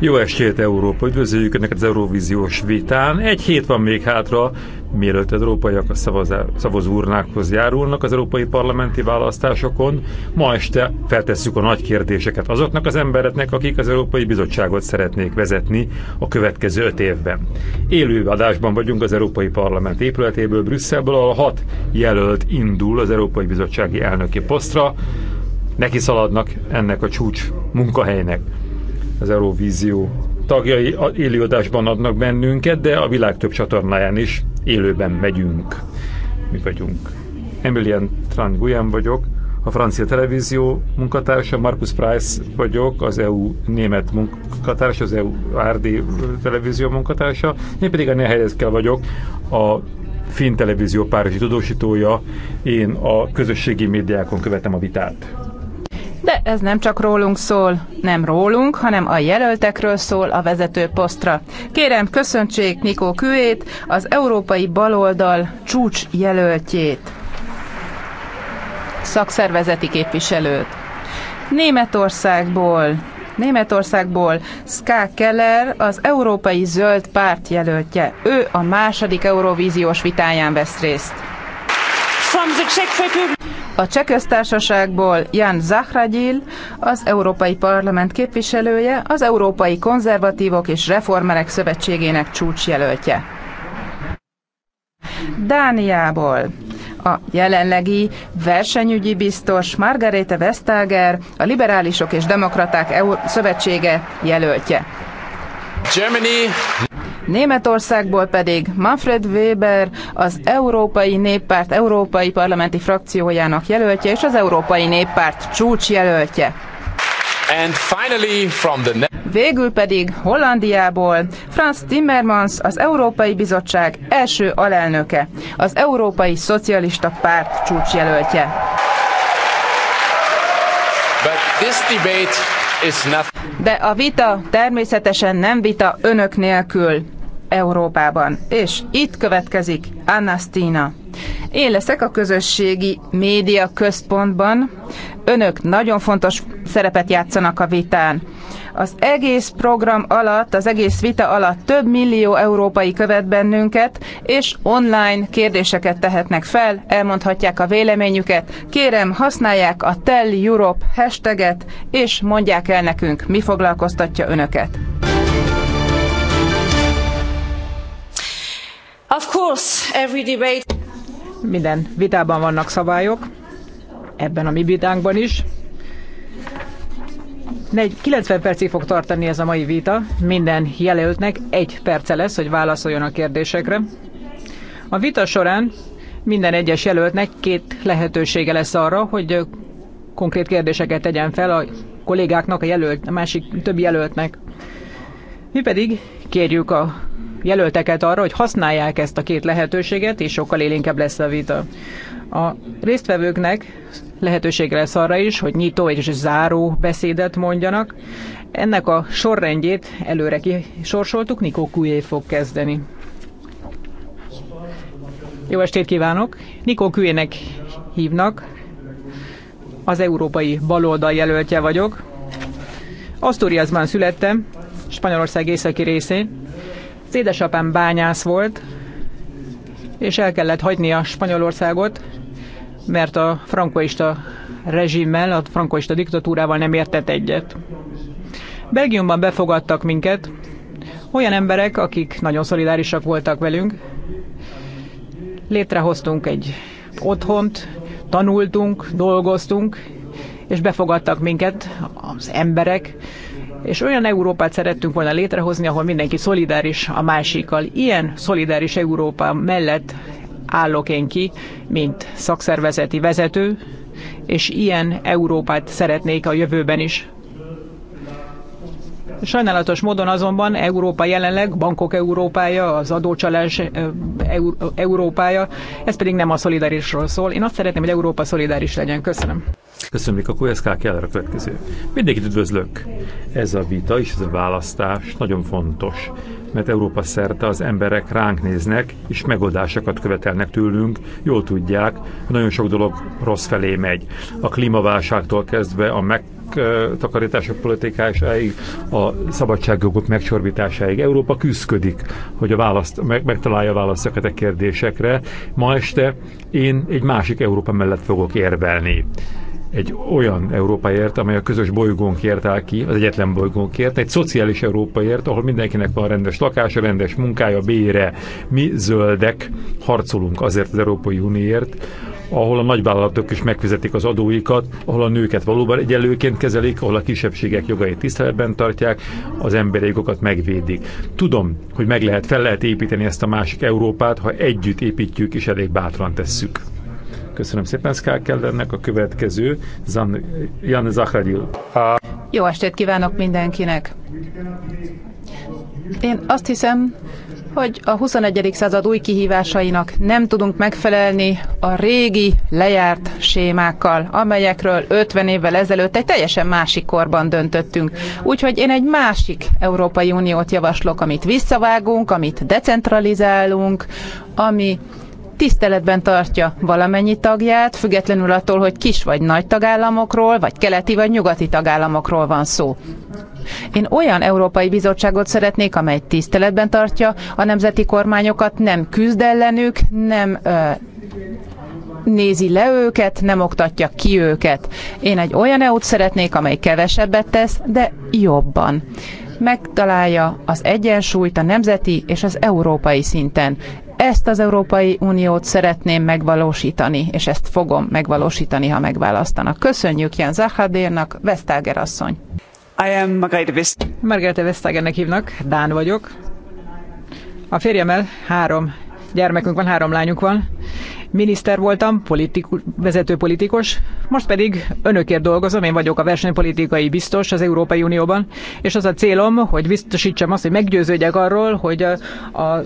Jó estét, Európa! Üdvözöljük Önöket az Euróvíziós vitán. Egy hét van még hátra, mielőtt az európaiak a szavazórnákhoz járulnak az európai parlamenti választásokon. Ma este feltesszük a nagy kérdéseket azoknak az embereknek, akik az Európai Bizottságot szeretnék vezetni a következő öt évben. Élő adásban vagyunk az Európai Parlament épületéből, Brüsszelből, ahol hat jelölt indul az Európai Bizottsági elnöki posztra. Neki szaladnak ennek a csúcs munkahelynek az Eurovízió tagjai élőadásban adnak bennünket, de a világ több csatornáján is élőben megyünk. Mi vagyunk. Emilien Tranguyen vagyok, a francia televízió munkatársa, Markus Price vagyok, az EU német munkatársa, az EU RD televízió munkatársa, én pedig a Nehelyezkel vagyok, a Finn televízió párizsi tudósítója, én a közösségi médiákon követem a vitát. De ez nem csak rólunk szól, nem rólunk, hanem a jelöltekről szól a vezető posztra. Kérem, köszöntsék Nikó Küét, az európai baloldal csúcs jelöltjét, szakszervezeti képviselőt. Németországból Németországból Ska Keller, az Európai Zöld Párt jelöltje. Ő a második Eurovíziós vitáján vesz részt. A Cseh Köztársaságból Jan Zahragyil, az Európai Parlament képviselője, az Európai Konzervatívok és Reformerek Szövetségének csúcsjelöltje. Dániából a jelenlegi versenyügyi biztos Margarete Vestager, a Liberálisok és Demokraták Szövetsége jelöltje. Germany. Németországból pedig Manfred Weber az Európai Néppárt Európai Parlamenti frakciójának jelöltje és az Európai Néppárt csúcsjelöltje. And finally from the... Végül pedig Hollandiából Franz Timmermans, az Európai Bizottság első alelnöke, az Európai Szocialista Párt csúcsjelöltje. But this debate is not... De a vita természetesen nem vita önök nélkül. Európában. És itt következik Anastina. Én leszek a közösségi média központban. Önök nagyon fontos szerepet játszanak a vitán. Az egész program alatt, az egész vita alatt több millió európai követ bennünket, és online kérdéseket tehetnek fel, elmondhatják a véleményüket. Kérem, használják a Tell Europe hashtaget, és mondják el nekünk, mi foglalkoztatja önöket. Of course, every debate... Minden vitában vannak szabályok, ebben a mi vitánkban is. 90 percig fog tartani ez a mai vita, minden jelöltnek egy perce lesz, hogy válaszoljon a kérdésekre. A vita során minden egyes jelöltnek két lehetősége lesz arra, hogy konkrét kérdéseket tegyen fel a kollégáknak, a, jelölt, a másik többi jelöltnek. Mi pedig kérjük a jelölteket arra, hogy használják ezt a két lehetőséget, és sokkal élénkebb lesz a vita. A résztvevőknek lehetősége lesz arra is, hogy nyitó és záró beszédet mondjanak. Ennek a sorrendjét előre kisorsoltuk, Nikó Kujé fog kezdeni. Jó estét kívánok! Nikó Kujének hívnak, az európai baloldal jelöltje vagyok. Asturiasban születtem, Spanyolország északi részén, az édesapám bányász volt, és el kellett hagyni a Spanyolországot, mert a frankoista rezsimmel, a frankoista diktatúrával nem értett egyet. Belgiumban befogadtak minket, olyan emberek, akik nagyon szolidárisak voltak velünk. Létrehoztunk egy otthont, tanultunk, dolgoztunk, és befogadtak minket az emberek, és olyan Európát szerettünk volna létrehozni, ahol mindenki szolidáris a másikkal. Ilyen szolidáris Európa mellett állok én ki, mint szakszervezeti vezető, és ilyen Európát szeretnék a jövőben is. Sajnálatos módon azonban Európa jelenleg bankok Európája, az adócsalás Európája, ez pedig nem a szolidarisról szól. Én azt szeretném, hogy Európa szolidáris legyen. Köszönöm. Köszönjük, a SK Keller a következő. Mindenkit üdvözlök. Ez a vita és ez a választás nagyon fontos, mert Európa szerte az emberek ránk néznek, és megoldásokat követelnek tőlünk, jól tudják, hogy nagyon sok dolog rossz felé megy. A klímaválságtól kezdve a meg Eh, takarítások politikásáig, a szabadságjogok megcsorbításáig. Európa küzdködik, hogy a választ, meg, megtalálja a válaszokat a kérdésekre. Ma este én egy másik Európa mellett fogok érvelni egy olyan Európaért, amely a közös bolygónkért áll ki, az egyetlen bolygónkért, egy szociális Európaért, ahol mindenkinek van rendes lakása, rendes munkája, bére. Mi zöldek harcolunk azért az Európai Unióért ahol a nagyvállalatok is megfizetik az adóikat, ahol a nőket valóban egyelőként kezelik, ahol a kisebbségek jogait tiszteletben tartják, az emberi jogokat megvédik. Tudom, hogy meg lehet, fel lehet építeni ezt a másik Európát, ha együtt építjük és elég bátran tesszük. Köszönöm szépen Kell Kellernek, a következő Zan, Jan Zahradil. Jó estét kívánok mindenkinek! Én azt hiszem, hogy a 21. század új kihívásainak nem tudunk megfelelni a régi lejárt sémákkal, amelyekről 50 évvel ezelőtt egy teljesen másik korban döntöttünk. Úgyhogy én egy másik Európai Uniót javaslok, amit visszavágunk, amit decentralizálunk, ami tiszteletben tartja valamennyi tagját, függetlenül attól, hogy kis vagy nagy tagállamokról, vagy keleti vagy nyugati tagállamokról van szó. Én olyan Európai Bizottságot szeretnék, amely tiszteletben tartja a nemzeti kormányokat, nem küzd ellenük, nem ö, nézi le őket, nem oktatja ki őket. Én egy olyan EU-t szeretnék, amely kevesebbet tesz, de jobban megtalálja az egyensúlyt a nemzeti és az európai szinten. Ezt az Európai Uniót szeretném megvalósítani, és ezt fogom megvalósítani, ha megválasztanak. Köszönjük Jan Zahadérnak, Vesztáger asszony! I am Margrethe Vest. Margrethe Vestagennek hívnak, Dán vagyok. A férjemmel három gyermekünk van, három lányunk van. Miniszter voltam, politiku, vezető politikus, most pedig önökért dolgozom, én vagyok a versenypolitikai biztos az Európai Unióban, és az a célom, hogy biztosítsam azt, hogy meggyőződjek arról, hogy a, a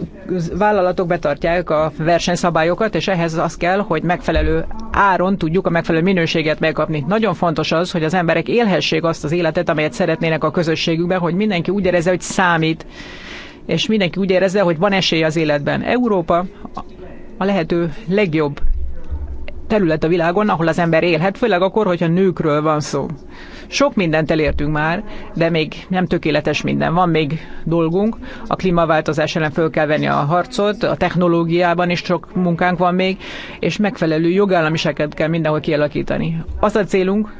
vállalatok betartják a versenyszabályokat, és ehhez az kell, hogy megfelelő áron tudjuk a megfelelő minőséget megkapni. Nagyon fontos az, hogy az emberek élhessék azt az életet, amelyet szeretnének a közösségükben, hogy mindenki úgy érezze, hogy számít és mindenki úgy érezze, hogy van esély az életben. Európa a lehető legjobb terület a világon, ahol az ember élhet, főleg akkor, hogyha nőkről van szó. Sok mindent elértünk már, de még nem tökéletes minden. Van még dolgunk, a klímaváltozás ellen föl kell venni a harcot, a technológiában is sok munkánk van még, és megfelelő jogállamiságot kell mindenhol kialakítani. Az a célunk,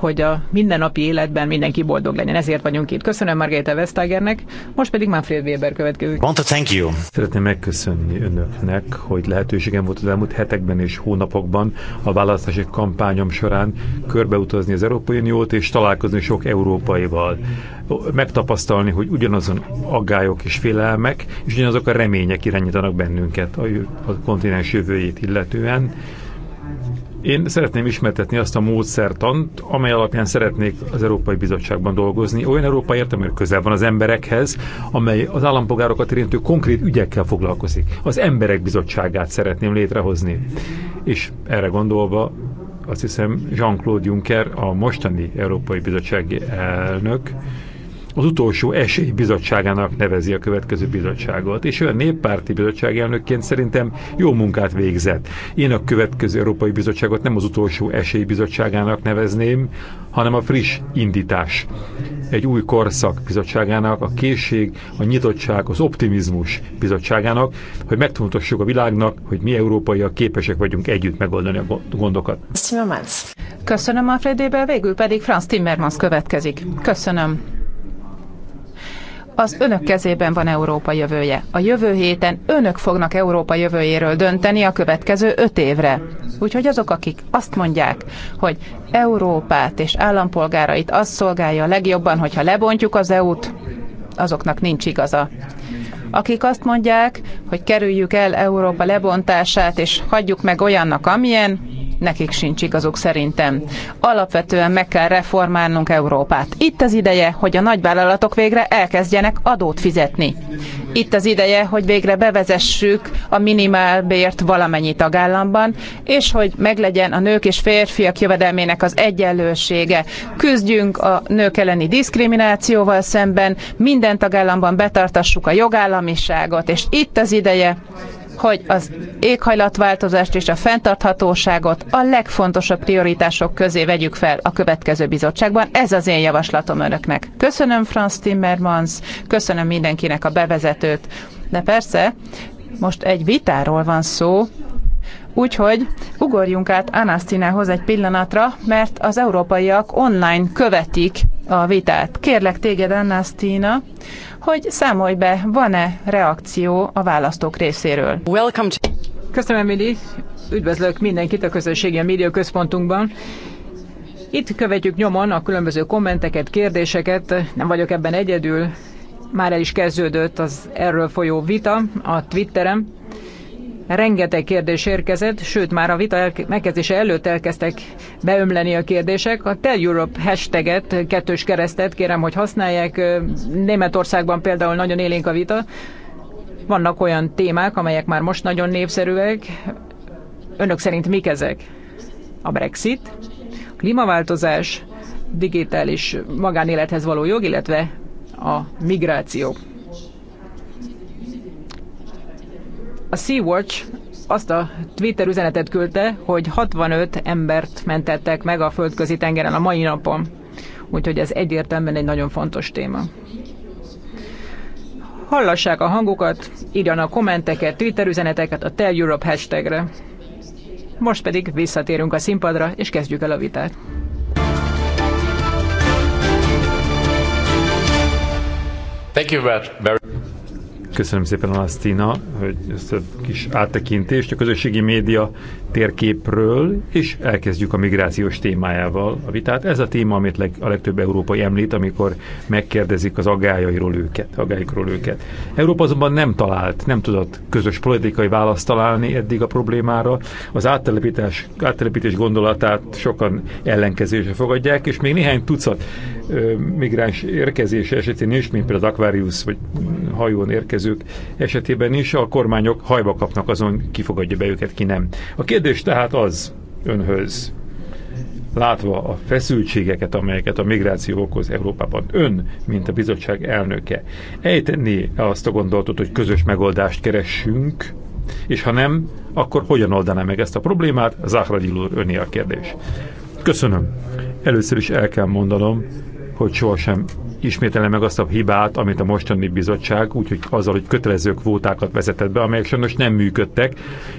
hogy a mindennapi életben mindenki boldog legyen. Ezért vagyunk itt. Köszönöm Margarita Vestagernek, most pedig Manfred Weber következik. Want to thank you! Szeretném megköszönni önöknek, hogy lehetőségem volt az elmúlt hetekben és hónapokban a választási kampányom során körbeutazni az Európai Uniót és találkozni sok európaival. Megtapasztalni, hogy ugyanazon aggályok és félelmek, és ugyanazok a remények irányítanak bennünket a, a kontinens jövőjét illetően én szeretném ismertetni azt a módszertant, amely alapján szeretnék az Európai Bizottságban dolgozni. Olyan Európa értem, hogy közel van az emberekhez, amely az állampolgárokat érintő konkrét ügyekkel foglalkozik. Az Emberek Bizottságát szeretném létrehozni. És erre gondolva azt hiszem Jean-Claude Juncker, a mostani Európai Bizottsági elnök, az utolsó esély bizottságának nevezi a következő bizottságot, és olyan néppárti bizottság elnökként szerintem jó munkát végzett. Én a következő Európai Bizottságot nem az utolsó esély bizottságának nevezném, hanem a friss indítás. Egy új korszak bizottságának, a készség, a nyitottság, az optimizmus bizottságának, hogy megtanultassuk a világnak, hogy mi európaiak képesek vagyunk együtt megoldani a gondokat. Köszönöm Alfred Ébel, végül pedig Franz Timmermans következik. Köszönöm. Az önök kezében van Európa jövője. A jövő héten önök fognak Európa jövőjéről dönteni a következő öt évre. Úgyhogy azok, akik azt mondják, hogy Európát és állampolgárait azt szolgálja legjobban, hogyha lebontjuk az EU-t, azoknak nincs igaza akik azt mondják, hogy kerüljük el Európa lebontását, és hagyjuk meg olyannak, amilyen, nekik sincs igazuk szerintem. Alapvetően meg kell reformálnunk Európát. Itt az ideje, hogy a nagyvállalatok végre elkezdjenek adót fizetni. Itt az ideje, hogy végre bevezessük a minimálbért valamennyi tagállamban, és hogy meglegyen a nők és férfiak jövedelmének az egyenlősége. Küzdjünk a nők elleni diszkriminációval szemben, minden tagállamban betartassuk a jogállamiságot, és itt az ideje, hogy az éghajlatváltozást és a fenntarthatóságot a legfontosabb prioritások közé vegyük fel a következő bizottságban. Ez az én javaslatom önöknek. Köszönöm Franz Timmermans, köszönöm mindenkinek a bevezetőt. De persze, most egy vitáról van szó, Úgyhogy ugorjunk át Anasztinához egy pillanatra, mert az európaiak online követik a vitát. Kérlek téged, Anasztina, hogy számolj be, van-e reakció a választók részéről? Welcome to... Köszönöm, Emily. Üdvözlök mindenkit a közösségi a média központunkban. Itt követjük nyomon a különböző kommenteket, kérdéseket, nem vagyok ebben egyedül. Már el is kezdődött az erről folyó vita a Twitterem rengeteg kérdés érkezett, sőt már a vita megkezdése előtt elkezdtek beömleni a kérdések. A Tell Europe hashtaget, kettős keresztet kérem, hogy használják. Németországban például nagyon élénk a vita. Vannak olyan témák, amelyek már most nagyon népszerűek. Önök szerint mik ezek? A Brexit, klímaváltozás, digitális magánélethez való jog, illetve a migráció. A Sea-Watch azt a Twitter üzenetet küldte, hogy 65 embert mentettek meg a földközi tengeren a mai napon. Úgyhogy ez egyértelműen egy nagyon fontos téma. Hallassák a hangukat, írjanak kommenteket, Twitter üzeneteket a Tell Europe hashtagre. Most pedig visszatérünk a színpadra, és kezdjük el a vitát. Thank you very Köszönöm szépen, Alasztina, hogy ezt a kis áttekintést. A közösségi média térképről, és elkezdjük a migrációs témájával a vitát. Ez a téma, amit leg, a legtöbb európai említ, amikor megkérdezik az agályairól őket, agályikról őket. Európa azonban nem talált, nem tudott közös politikai választ találni eddig a problémára. Az áttelepítés, áttelepítés gondolatát sokan ellenkezésre fogadják, és még néhány tucat ö, migráns érkezése esetén is, mint például az Aquarius vagy hajón érkezők esetében is, a kormányok hajba kapnak azon, ki fogadja be őket, ki nem. A két kérdés tehát az önhöz, látva a feszültségeket, amelyeket a migráció okoz Európában, ön, mint a bizottság elnöke, ejteni azt a gondolatot, hogy közös megoldást keressünk, és ha nem, akkor hogyan oldaná meg ezt a problémát? Zahradil úr, öné a kérdés. Köszönöm. Először is el kell mondanom, hogy sohasem ismételne meg azt a hibát, amit a mostani bizottság, úgyhogy azzal, hogy kötelező kvótákat vezetett be, amelyek sajnos nem működtek,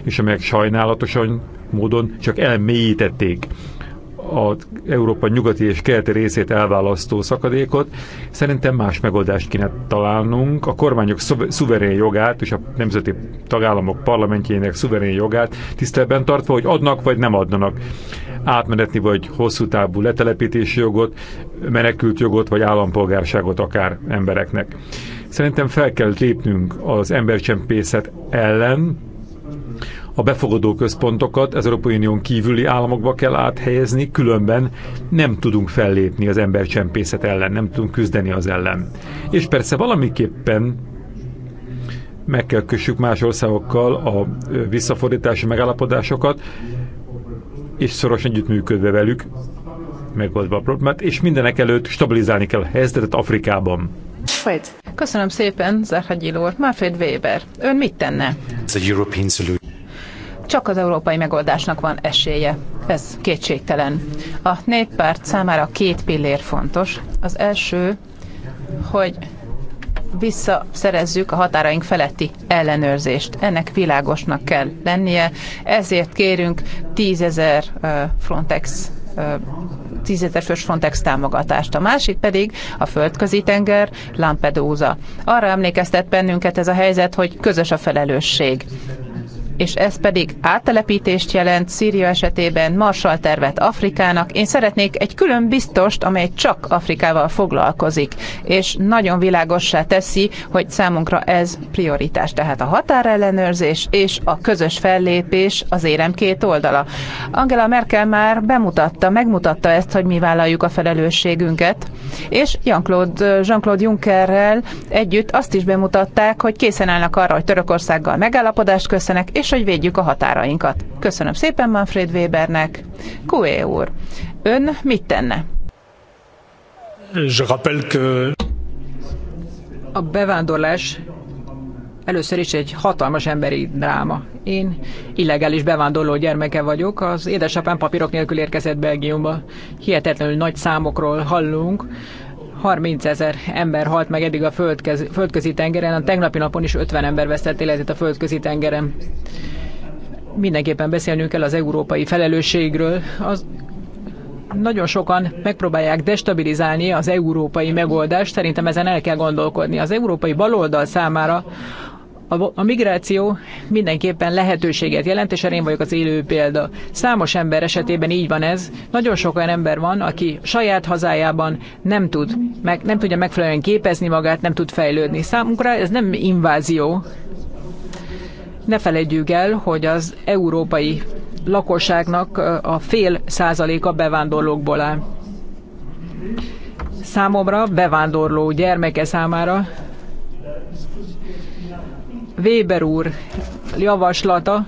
és amelyek sajnálatosan módon csak elmélyítették a Európa nyugati és keleti részét elválasztó szakadékot. Szerintem más megoldást kéne találnunk. A kormányok szuverén jogát és a nemzeti tagállamok parlamentjének szuverén jogát tisztelben tartva, hogy adnak vagy nem adnak átmenetni vagy hosszú távú letelepítési jogot, menekült jogot vagy állampolgárságot akár embereknek. Szerintem fel kell lépnünk az embercsempészet ellen, a befogadó központokat az Európai Unión kívüli államokba kell áthelyezni, különben nem tudunk fellépni az embercsempészet ellen, nem tudunk küzdeni az ellen. És persze valamiképpen meg kell kössük más országokkal a visszafordítási megállapodásokat, és szoros együttműködve velük megoldva a problémát, és mindenek előtt stabilizálni kell a helyzetet Afrikában. Köszönöm szépen, Zárhagyi Lór. Manfred Weber, ön mit tenne? a European solution. Csak az európai megoldásnak van esélye. Ez kétségtelen. A néppárt számára két pillér fontos. Az első, hogy visszaszerezzük a határaink feletti ellenőrzést. Ennek világosnak kell lennie, ezért kérünk tízezer Frontex tízezer fős Frontex támogatást. A másik pedig a földközi tenger Lampedusa. Arra emlékeztet bennünket ez a helyzet, hogy közös a felelősség és ez pedig áttelepítést jelent Szíria esetében, Marshall tervet Afrikának. Én szeretnék egy külön biztost, amely csak Afrikával foglalkozik, és nagyon világossá teszi, hogy számunkra ez prioritás, tehát a határellenőrzés és a közös fellépés az érem két oldala. Angela Merkel már bemutatta, megmutatta ezt, hogy mi vállaljuk a felelősségünket, és Jean-Claude, jean Junckerrel együtt azt is bemutatták, hogy készen állnak arra, hogy Törökországgal megállapodást köszönek, és hogy védjük a határainkat. Köszönöm szépen Manfred Webernek. Kué úr, ön mit tenne? Je rappelle que... A bevándorlás először is egy hatalmas emberi dráma. Én illegális bevándorló gyermeke vagyok, az édesapám papírok nélkül érkezett Belgiumba. Hihetetlenül nagy számokról hallunk, 30 ezer ember halt meg eddig a földkez, földközi tengeren, a tegnapi napon is 50 ember vesztett életét a földközi tengeren. Mindenképpen beszélnünk kell az európai felelősségről. Az nagyon sokan megpróbálják destabilizálni az európai megoldást, szerintem ezen el kell gondolkodni. Az európai baloldal számára a, a migráció mindenképpen lehetőséget jelent, és erre én vagyok az élő példa. Számos ember esetében így van ez. Nagyon sok olyan ember van, aki saját hazájában nem tud, meg, nem tudja megfelelően képezni magát, nem tud fejlődni. Számunkra ez nem invázió. Ne felejtjük el, hogy az európai lakosságnak a fél százaléka bevándorlókból áll. Számomra, bevándorló gyermeke számára Weber úr javaslata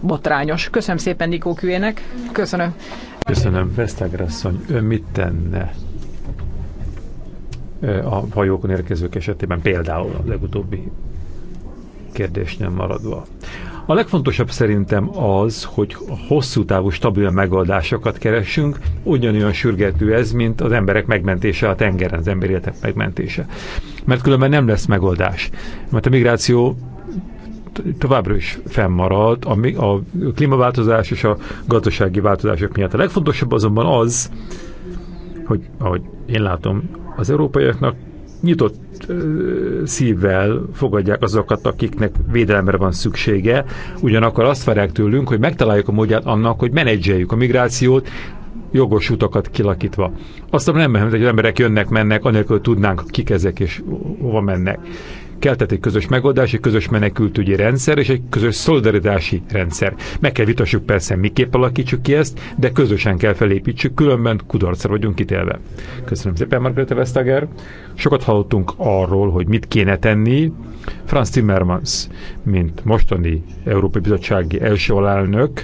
botrányos. Köszönöm szépen Nikó Küjének. Köszönöm. Köszönöm. Vesztegrasszony. ön mit tenne a hajókon érkezők esetében, például a legutóbbi kérdésnél maradva? A legfontosabb szerintem az, hogy hosszú távú stabil megoldásokat keresünk, ugyanolyan sürgető ez, mint az emberek megmentése a tengeren, az emberi életek megmentése. Mert különben nem lesz megoldás. Mert a migráció továbbra is fennmarad a, a klímaváltozás és a gazdasági változások miatt. A legfontosabb azonban az, hogy ahogy én látom, az európaiaknak nyitott szívvel fogadják azokat, akiknek védelemre van szüksége, ugyanakkor azt várják tőlünk, hogy megtaláljuk a módját annak, hogy menedzseljük a migrációt, jogos utakat kilakítva. Aztán nem mehet, hogy emberek jönnek, mennek, anélkül tudnánk, kik ezek és hova mennek tehát egy közös megoldás, egy közös menekültügyi rendszer és egy közös szolidaritási rendszer. Meg kell vitassuk persze, miképp alakítsuk ki ezt, de közösen kell felépítsük, különben kudarcra vagyunk ítélve. Köszönöm szépen, Margrethe Vestager. Sokat hallottunk arról, hogy mit kéne tenni. Franz Timmermans, mint mostani Európai Bizottsági első alelnök,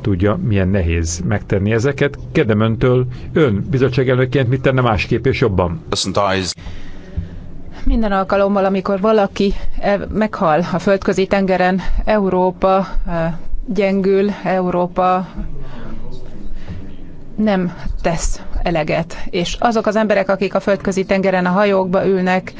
tudja, milyen nehéz megtenni ezeket. Kedem öntől, ön bizottság elnökként mit tenne másképp és jobban? Minden alkalommal, amikor valaki e, meghal a földközi tengeren, Európa e, gyengül, Európa nem tesz eleget. És azok az emberek, akik a földközi tengeren a hajókba ülnek,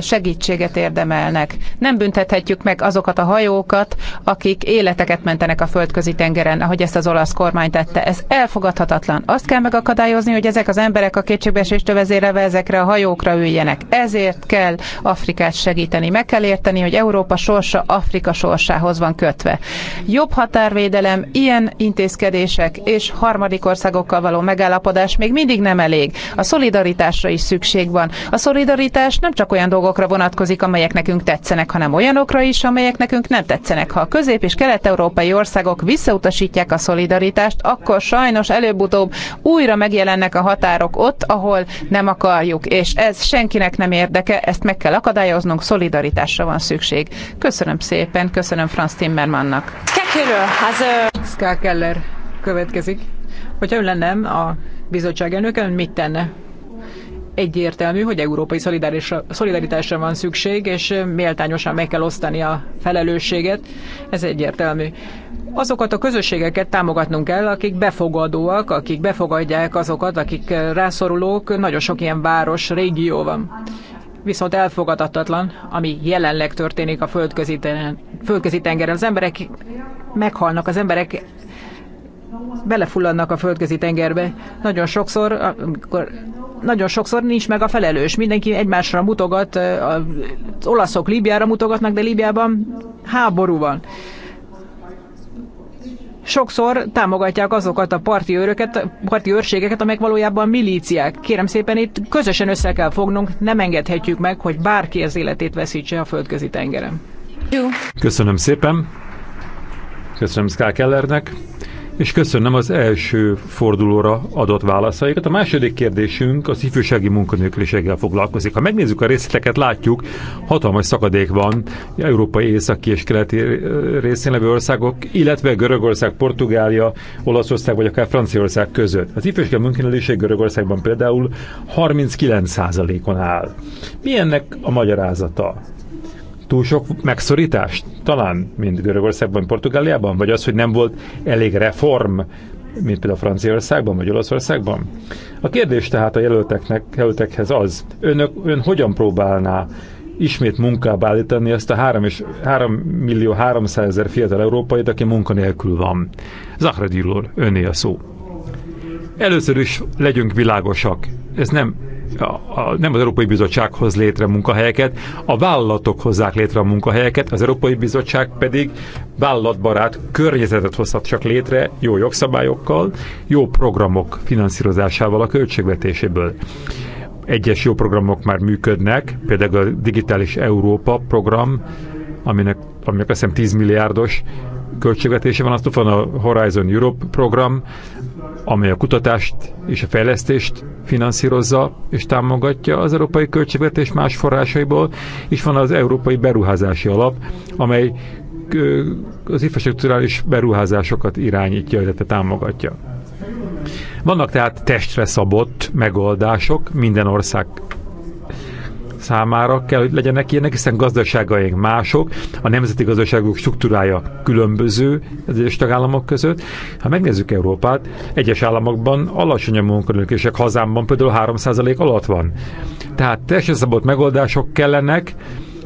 segítséget érdemelnek. Nem büntethetjük meg azokat a hajókat, akik életeket mentenek a földközi tengeren, ahogy ezt az olasz kormány tette. Ez elfogadhatatlan. Azt kell megakadályozni, hogy ezek az emberek a kétségbeesést vezérelve ezekre a hajókra üljenek. Ezért kell Afrikát segíteni. Meg kell érteni, hogy Európa sorsa Afrika sorsához van kötve. Jobb határvédelem, ilyen intézkedések és harmadik országokkal való megállapodás még mindig mindig nem elég. A szolidaritásra is szükség van. A szolidaritás nem csak olyan dolgokra vonatkozik, amelyek nekünk tetszenek, hanem olyanokra is, amelyek nekünk nem tetszenek. Ha a közép- és kelet-európai országok visszautasítják a szolidaritást, akkor sajnos előbb-utóbb újra megjelennek a határok ott, ahol nem akarjuk. És ez senkinek nem érdeke, ezt meg kell akadályoznunk, szolidaritásra van szükség. Köszönöm szépen, köszönöm Franz Timmermannak. Hát, Ska Keller következik. Hogyha ön lennem a bizottság elnöke mit tenne? Egyértelmű, hogy európai szolidaritásra van szükség, és méltányosan meg kell osztani a felelősséget. Ez egyértelmű. Azokat a közösségeket támogatnunk kell, akik befogadóak, akik befogadják azokat, akik rászorulók. Nagyon sok ilyen város, régió van viszont elfogadhatatlan, ami jelenleg történik a földközi, tengeren. Az emberek meghalnak, az emberek belefulladnak a földközi tengerbe. Nagyon sokszor, amikor, nagyon sokszor nincs meg a felelős. Mindenki egymásra mutogat, az olaszok Líbiára mutogatnak, de Líbiában háború van. Sokszor támogatják azokat a parti, őröket, parti őrségeket, amelyek valójában milíciák. Kérem szépen, itt közösen össze kell fognunk, nem engedhetjük meg, hogy bárki az életét veszítse a földközi tengeren. Köszönöm szépen. Köszönöm Ská Kellernek és köszönöm az első fordulóra adott válaszaikat. A második kérdésünk az ifjúsági munkanélküliséggel foglalkozik. Ha megnézzük a részleteket, látjuk, hatalmas szakadék van európai északi és keleti részén levő országok, illetve Görögország, Portugália, Olaszország vagy akár Franciaország között. Az ifjúsági munkanélküliség Görögországban például 39%-on áll. Mi ennek a magyarázata? túl sok megszorítás Talán, mint Görögországban, Portugáliában? Vagy az, hogy nem volt elég reform, mint például Franciaországban, vagy Olaszországban? A kérdés tehát a jelölteknek, jelöltekhez az, önök, ön hogyan próbálná ismét munkába állítani ezt a 3, és 3 millió 300 ezer fiatal európait, aki munkanélkül van. Zahradil úr, öné a szó. Először is legyünk világosak. Ez nem a, a, nem az Európai Bizottsághoz létre munkahelyeket, a vállalatok hozzák létre a munkahelyeket, az Európai Bizottság pedig vállalatbarát környezetet hozhat csak létre jó jogszabályokkal, jó programok finanszírozásával a költségvetéséből. Egyes jó programok már működnek, például a Digitális Európa program, aminek, aminek azt hiszem 10 milliárdos költségvetése van, azt van a Horizon Europe program, amely a kutatást és a fejlesztést finanszírozza és támogatja az európai költségvetés más forrásaiból, és van az európai beruházási alap, amely az infrastruktúrális beruházásokat irányítja, illetve támogatja. Vannak tehát testre szabott megoldások minden ország számára kell, hogy legyenek ilyenek, hiszen gazdaságaink mások, a nemzeti gazdaságok struktúrája különböző az egyes tagállamok között. Ha megnézzük Európát, egyes államokban alacsony a munkanőkések, hazámban például 3% alatt van. Tehát teljesen szabott megoldások kellenek,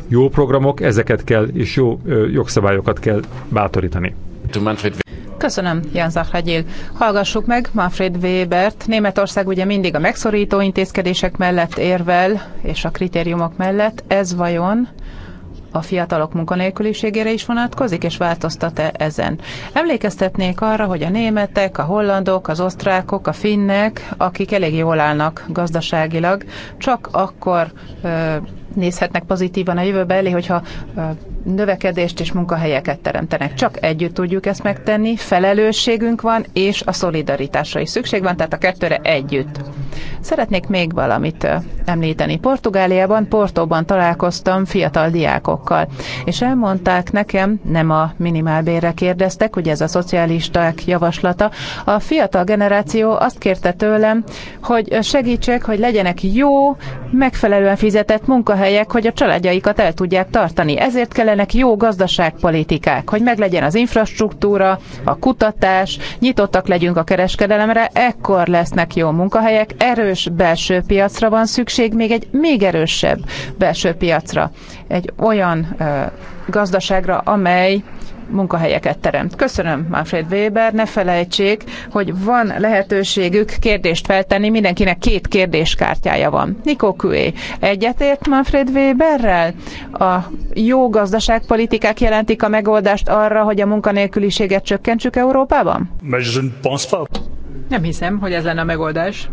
jó programok, ezeket kell, és jó ö, jogszabályokat kell bátorítani. Köszönöm, Jan Zahragyil. Hallgassuk meg Manfred Webert. Németország ugye mindig a megszorító intézkedések mellett érvel, és a kritériumok mellett. Ez vajon a fiatalok munkanélküliségére is vonatkozik, és változtat-e ezen. Emlékeztetnék arra, hogy a németek, a hollandok, az osztrákok, a finnek, akik elég jól állnak gazdaságilag, csak akkor ö, nézhetnek pozitívan a jövőbe elé, hogyha ö, növekedést és munkahelyeket teremtenek. Csak együtt tudjuk ezt megtenni, felelősségünk van, és a szolidaritásra is szükség van, tehát a kettőre együtt. Szeretnék még valamit említeni. Portugáliában, Portóban találkoztam fiatal diákokkal, és elmondták nekem, nem a minimálbérre kérdeztek, hogy ez a szocialisták javaslata, a fiatal generáció azt kérte tőlem, hogy segítsek, hogy legyenek jó, megfelelően fizetett munkahelyek, hogy a családjaikat el tudják tartani. Ezért kell kellenek jó gazdaságpolitikák, hogy meglegyen az infrastruktúra, a kutatás, nyitottak legyünk a kereskedelemre, ekkor lesznek jó munkahelyek, erős belső piacra van szükség, még egy még erősebb belső piacra, egy olyan ö, gazdaságra, amely munkahelyeket teremt. Köszönöm, Manfred Weber, ne felejtsék, hogy van lehetőségük kérdést feltenni, mindenkinek két kérdéskártyája van. Nikó Kué, egyetért Manfred Weberrel? A jó gazdaságpolitikák jelentik a megoldást arra, hogy a munkanélküliséget csökkentsük Európában? Nem hiszem, hogy ez lenne a megoldás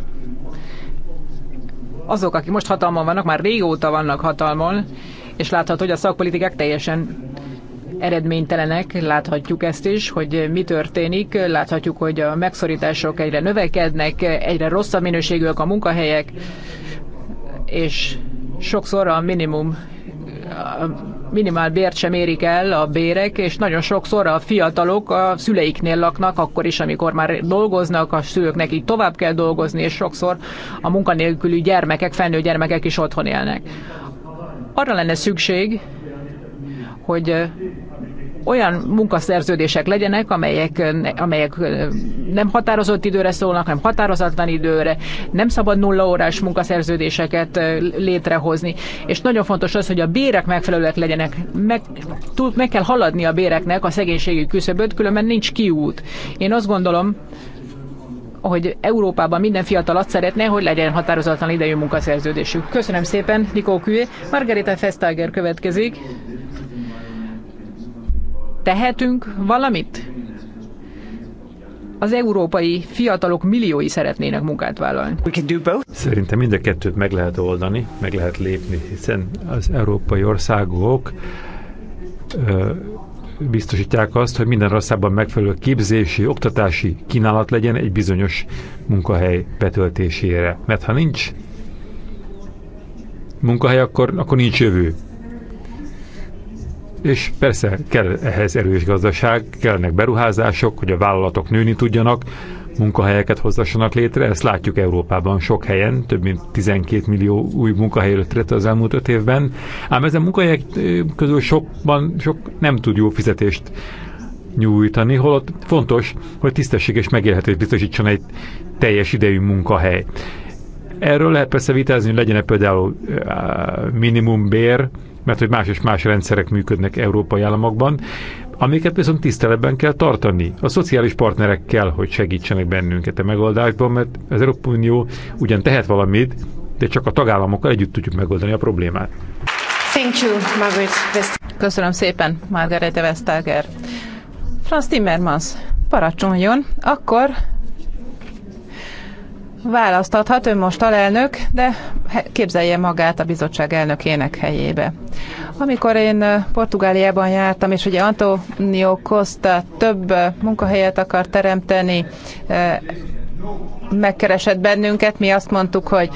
azok, akik most hatalmon vannak, már régóta vannak hatalmon, és látható, hogy a szakpolitikák teljesen eredménytelenek, láthatjuk ezt is, hogy mi történik, láthatjuk, hogy a megszorítások egyre növekednek, egyre rosszabb minőségűek a munkahelyek, és sokszor a minimum a minimál bért sem érik el a bérek, és nagyon sokszor a fiatalok a szüleiknél laknak, akkor is, amikor már dolgoznak, a szülőknek így tovább kell dolgozni, és sokszor a munkanélküli gyermekek, felnőtt gyermekek is otthon élnek. Arra lenne szükség, hogy olyan munkaszerződések legyenek, amelyek, amelyek nem határozott időre szólnak, hanem határozatlan időre, nem szabad nulla órás munkaszerződéseket létrehozni, és nagyon fontos az, hogy a bérek megfelelőek legyenek, meg, túl, meg kell haladni a béreknek a szegénységi küszöböt, különben nincs kiút. Én azt gondolom, hogy Európában minden fiatal azt szeretne, hogy legyen határozatlan idejű munkaszerződésük. Köszönöm szépen, Nikó Kühe. Margarita Festager következik. Tehetünk valamit? Az európai fiatalok milliói szeretnének munkát vállalni. We can do both. Szerintem mind a kettőt meg lehet oldani, meg lehet lépni, hiszen az európai országok ö, biztosítják azt, hogy minden országban megfelelő képzési, oktatási kínálat legyen egy bizonyos munkahely betöltésére. Mert ha nincs munkahely, akkor, akkor nincs jövő és persze kell ehhez erős gazdaság, kellnek beruházások, hogy a vállalatok nőni tudjanak, munkahelyeket hozzassanak létre, ezt látjuk Európában sok helyen, több mint 12 millió új munkahely lett az elmúlt öt évben, ám ezen munkahelyek közül sokban, sok nem tud jó fizetést nyújtani, holott fontos, hogy tisztességes megélhetést biztosítson egy teljes idejű munkahely. Erről lehet persze vitázni, hogy legyen -e például minimum bér, mert hogy más és más rendszerek működnek európai államokban, amiket viszont tiszteletben kell tartani. A szociális partnerek kell, hogy segítsenek bennünket a megoldásban, mert az Európai Unió ugyan tehet valamit, de csak a tagállamokkal együtt tudjuk megoldani a problémát. Thank you, Margaret Köszönöm szépen, Margaret Vestager. Franz Timmermans, parancsoljon, akkor választathat, ön most alelnök, de képzelje magát a bizottság elnökének helyébe. Amikor én Portugáliában jártam, és ugye Antonio Costa több munkahelyet akar teremteni, megkeresett bennünket, mi azt mondtuk, hogy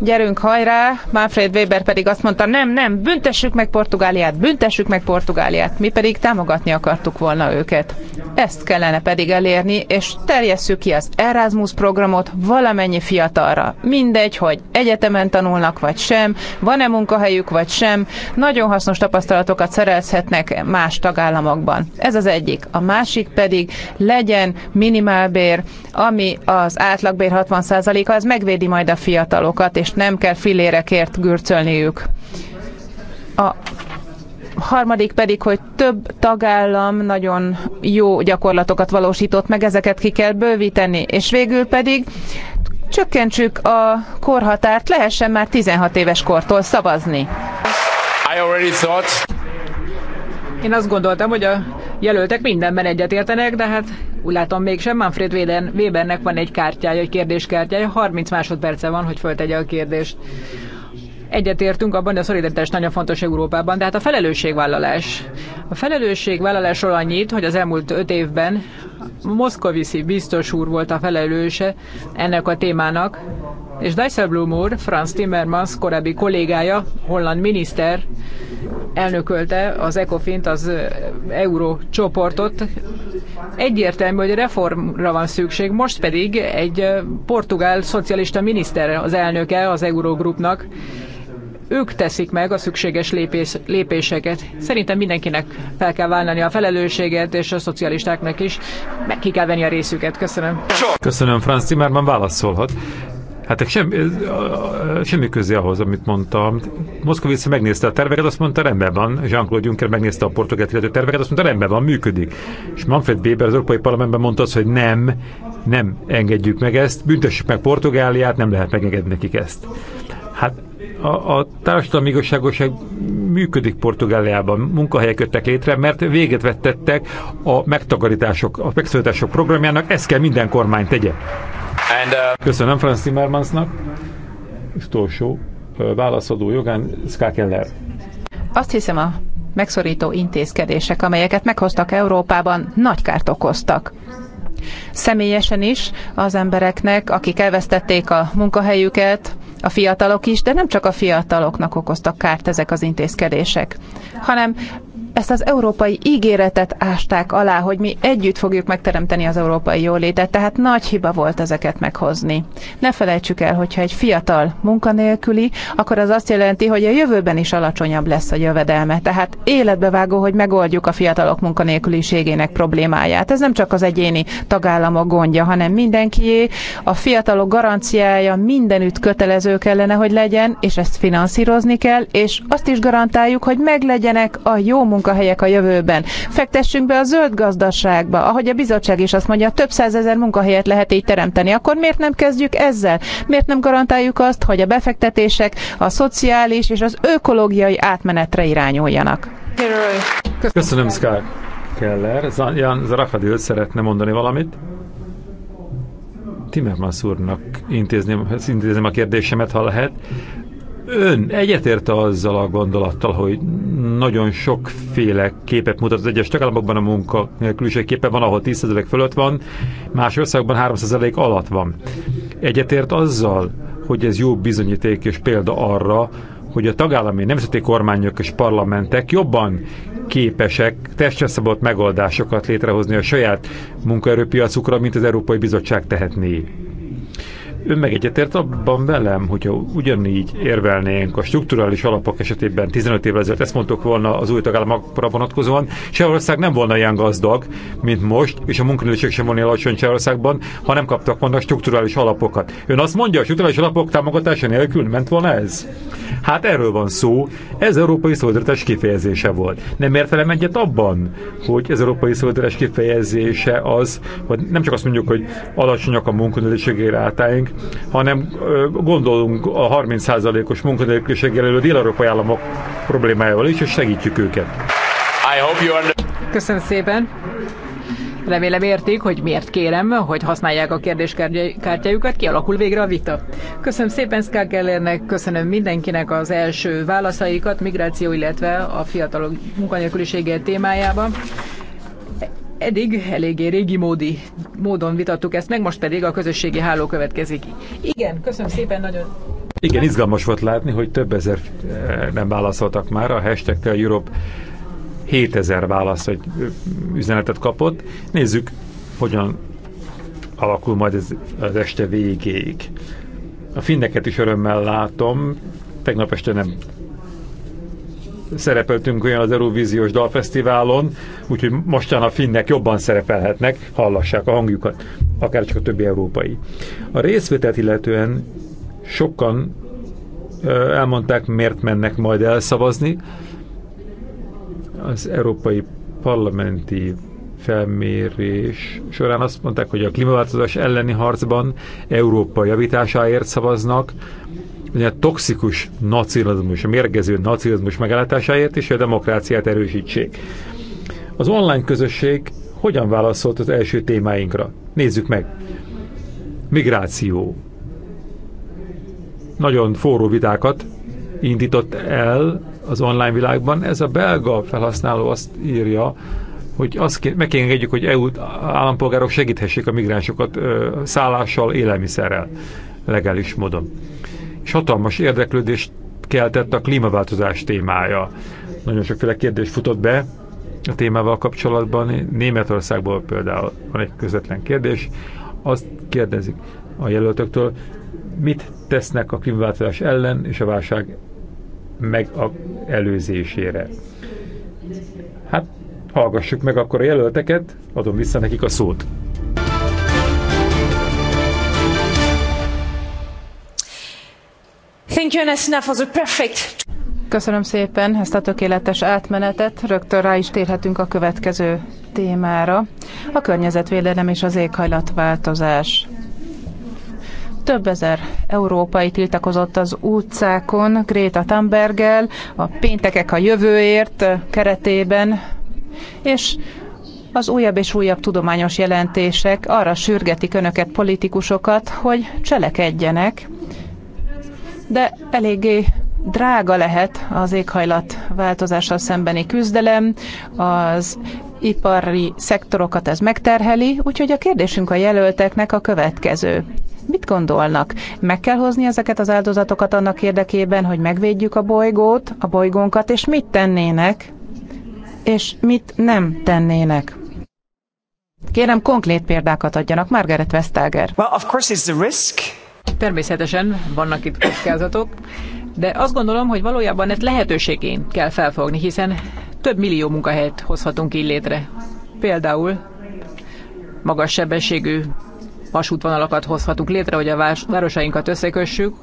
gyerünk hajrá, Manfred Weber pedig azt mondta, nem, nem, büntessük meg Portugáliát, büntessük meg Portugáliát, mi pedig támogatni akartuk volna őket. Ezt kellene pedig elérni, és terjesszük ki az Erasmus programot valamennyi fiatalra. Mindegy, hogy egyetemen tanulnak vagy sem, van-e munkahelyük vagy sem, nagyon hasznos tapasztalatokat szerezhetnek más tagállamokban. Ez az egyik. A másik pedig legyen minimálbér, ami az átlagbér 60%-a, az megvédi majd a fiatalokat, és és nem kell fillérekért gürcölniük. A harmadik pedig, hogy több tagállam nagyon jó gyakorlatokat valósított meg, ezeket ki kell bővíteni, és végül pedig csökkentsük a korhatárt, lehessen már 16 éves kortól szavazni. Én azt gondoltam, hogy a jelöltek mindenben egyetértenek, de hát úgy látom mégsem Manfred Webernek van egy kártyája, egy kérdéskártyája, 30 másodperce van, hogy föltegye a kérdést. Egyetértünk abban, de a szolidaritás nagyon fontos Európában, de hát a felelősségvállalás. A felelősségvállalásról annyit, hogy az elmúlt öt évben Moszkoviszi biztos úr volt a felelőse ennek a témának, és Dijsselbloem úr, Franz Timmermans korábbi kollégája, holland miniszter, elnökölte az ECOFINT, az euró csoportot. Egyértelmű, hogy reformra van szükség, most pedig egy portugál szocialista miniszter az elnöke az eurógrupnak ők teszik meg a szükséges lépés, lépéseket. Szerintem mindenkinek fel kell vállalni a felelősséget, és a szocialistáknak is meg ki kell venni a részüket. Köszönöm. Köszönöm, Franz Timmerman válaszolhat. Hát semmi, semmi közé ahhoz, amit mondtam. Moszkovic megnézte a terveket, azt mondta, rendben van. Jean-Claude Juncker megnézte a portugált illető terveket, azt mondta, rendben van, működik. És Manfred Weber az Európai Parlamentben mondta azt, hogy nem, nem engedjük meg ezt, büntessük meg Portugáliát, nem lehet megengedni nekik ezt. Hát a, a társadalmi igazságoság működik Portugáliában. Munkahelyek jöttek létre, mert véget vettettek a megtakarítások, a megszólítások programjának. Ezt kell minden kormány tegye. And, uh... Köszönöm Franz Timmermansnak. Utolsó válaszadó jogán Skákeller. Azt hiszem a megszorító intézkedések, amelyeket meghoztak Európában, nagy kárt okoztak. Személyesen is az embereknek, akik elvesztették a munkahelyüket, a fiatalok is, de nem csak a fiataloknak okoztak kárt ezek az intézkedések, hanem ezt az európai ígéretet ásták alá, hogy mi együtt fogjuk megteremteni az európai jólétet, tehát nagy hiba volt ezeket meghozni. Ne felejtsük el, hogyha egy fiatal munkanélküli, akkor az azt jelenti, hogy a jövőben is alacsonyabb lesz a jövedelme. Tehát életbevágó, hogy megoldjuk a fiatalok munkanélküliségének problémáját. Ez nem csak az egyéni tagállamok gondja, hanem mindenkié. A fiatalok garanciája mindenütt kötelező kellene, hogy legyen, és ezt finanszírozni kell, és azt is garantáljuk, hogy meglegyenek a jó munka munkahelyek a jövőben. Fektessünk be a zöld gazdaságba, ahogy a bizottság is azt mondja, több százezer munkahelyet lehet így teremteni. Akkor miért nem kezdjük ezzel? Miért nem garantáljuk azt, hogy a befektetések a szociális és az ökológiai átmenetre irányuljanak? Köszönöm, Sky Keller. Jan Zarafadil szeretne mondani valamit? Timmermans úrnak intézném, intézném a kérdésemet, ha lehet. Ön egyetérte azzal a gondolattal, hogy nagyon sokféle képet mutat az egyes tagállamokban a munkanélküliség képe van, ahol 10% fölött van, más országban 300 alatt van. Egyetért azzal, hogy ez jó bizonyíték és példa arra, hogy a tagállami nemzeti kormányok és parlamentek jobban képesek testre szabott megoldásokat létrehozni a saját munkaerőpiacukra, mint az Európai Bizottság tehetné. Ön meg egyetért abban velem, hogyha ugyanígy érvelnénk a strukturális alapok esetében 15 évvel ezelőtt, ezt mondtuk volna az új tagállamokra vonatkozóan, Csehország nem volna ilyen gazdag, mint most, és a munkanőség sem volna alacsony Csehországban, ha nem kaptak volna strukturális alapokat. Ön azt mondja, a strukturális alapok támogatása nélkül ment volna ez? Hát erről van szó, ez európai szolidaritás kifejezése volt. Nem értelem egyet abban, hogy ez európai szolidaritás kifejezése az, hogy nem csak azt mondjuk, hogy alacsonyak a munkanőségi rátáink, hanem gondolunk a 30%-os munkanélküliséggel elő dél-európai államok problémájával is, és segítjük őket. Köszönöm szépen! Remélem értik, hogy miért kérem, hogy használják a kérdéskártyájukat, kialakul végre a vita. Köszönöm szépen Skagellernek, köszönöm mindenkinek az első válaszaikat, migráció, illetve a fiatalok munkanélküliségét témájában. Eddig eléggé régi módi módon vitattuk ezt meg, most pedig a közösségi háló következik. Igen, köszönöm szépen nagyon. Igen, izgalmas volt látni, hogy több ezer eh, nem válaszoltak már a hashtagtel Europe 7000 válasz, hogy eh, üzenetet kapott. Nézzük, hogyan alakul majd ez az este végéig. A finneket is örömmel látom. Tegnap este nem szerepeltünk olyan az Eurovíziós Dalfesztiválon, úgyhogy mostan a finnek jobban szerepelhetnek, hallassák a hangjukat, akár csak a többi európai. A részvételt illetően sokan elmondták, miért mennek majd elszavazni. Az európai parlamenti felmérés során azt mondták, hogy a klímaváltozás elleni harcban Európa javításáért szavaznak, a toxikus nacilizmus, a mérgező megállításáért is, és a demokráciát erősítsék. Az online közösség hogyan válaszolt az első témáinkra? Nézzük meg. Migráció. Nagyon forró vitákat indított el az online világban. Ez a belga felhasználó azt írja, hogy azt kéne, meg kéne hogy EU állampolgárok segíthessék a migránsokat ö, szállással, élelmiszerrel legális módon és hatalmas érdeklődést keltett a klímaváltozás témája. Nagyon sokféle kérdés futott be a témával kapcsolatban. Németországból például van egy közvetlen kérdés. Azt kérdezik a jelöltöktől, mit tesznek a klímaváltozás ellen és a válság meg a előzésére. Hát hallgassuk meg akkor a jelölteket, adom vissza nekik a szót. Thank you, for the perfect... Köszönöm szépen ezt a tökéletes átmenetet. Rögtön rá is térhetünk a következő témára. A környezetvédelem és az éghajlatváltozás. Több ezer európai tiltakozott az utcákon Greta thunberg a Péntekek a jövőért keretében, és az újabb és újabb tudományos jelentések arra sürgetik önöket, politikusokat, hogy cselekedjenek, de eléggé drága lehet az éghajlat változással szembeni küzdelem, az ipari szektorokat ez megterheli, úgyhogy a kérdésünk a jelölteknek a következő. Mit gondolnak? Meg kell hozni ezeket az áldozatokat annak érdekében, hogy megvédjük a bolygót, a bolygónkat, és mit tennének, és mit nem tennének? Kérem, konkrét példákat adjanak. Margaret Vestager. Well, of course it's the risk. Természetesen vannak itt kockázatok, de azt gondolom, hogy valójában ezt lehetőségén kell felfogni, hiszen több millió munkahelyet hozhatunk így létre. Például magas sebességű vasútvonalakat hozhatunk létre, hogy a városainkat összekössük.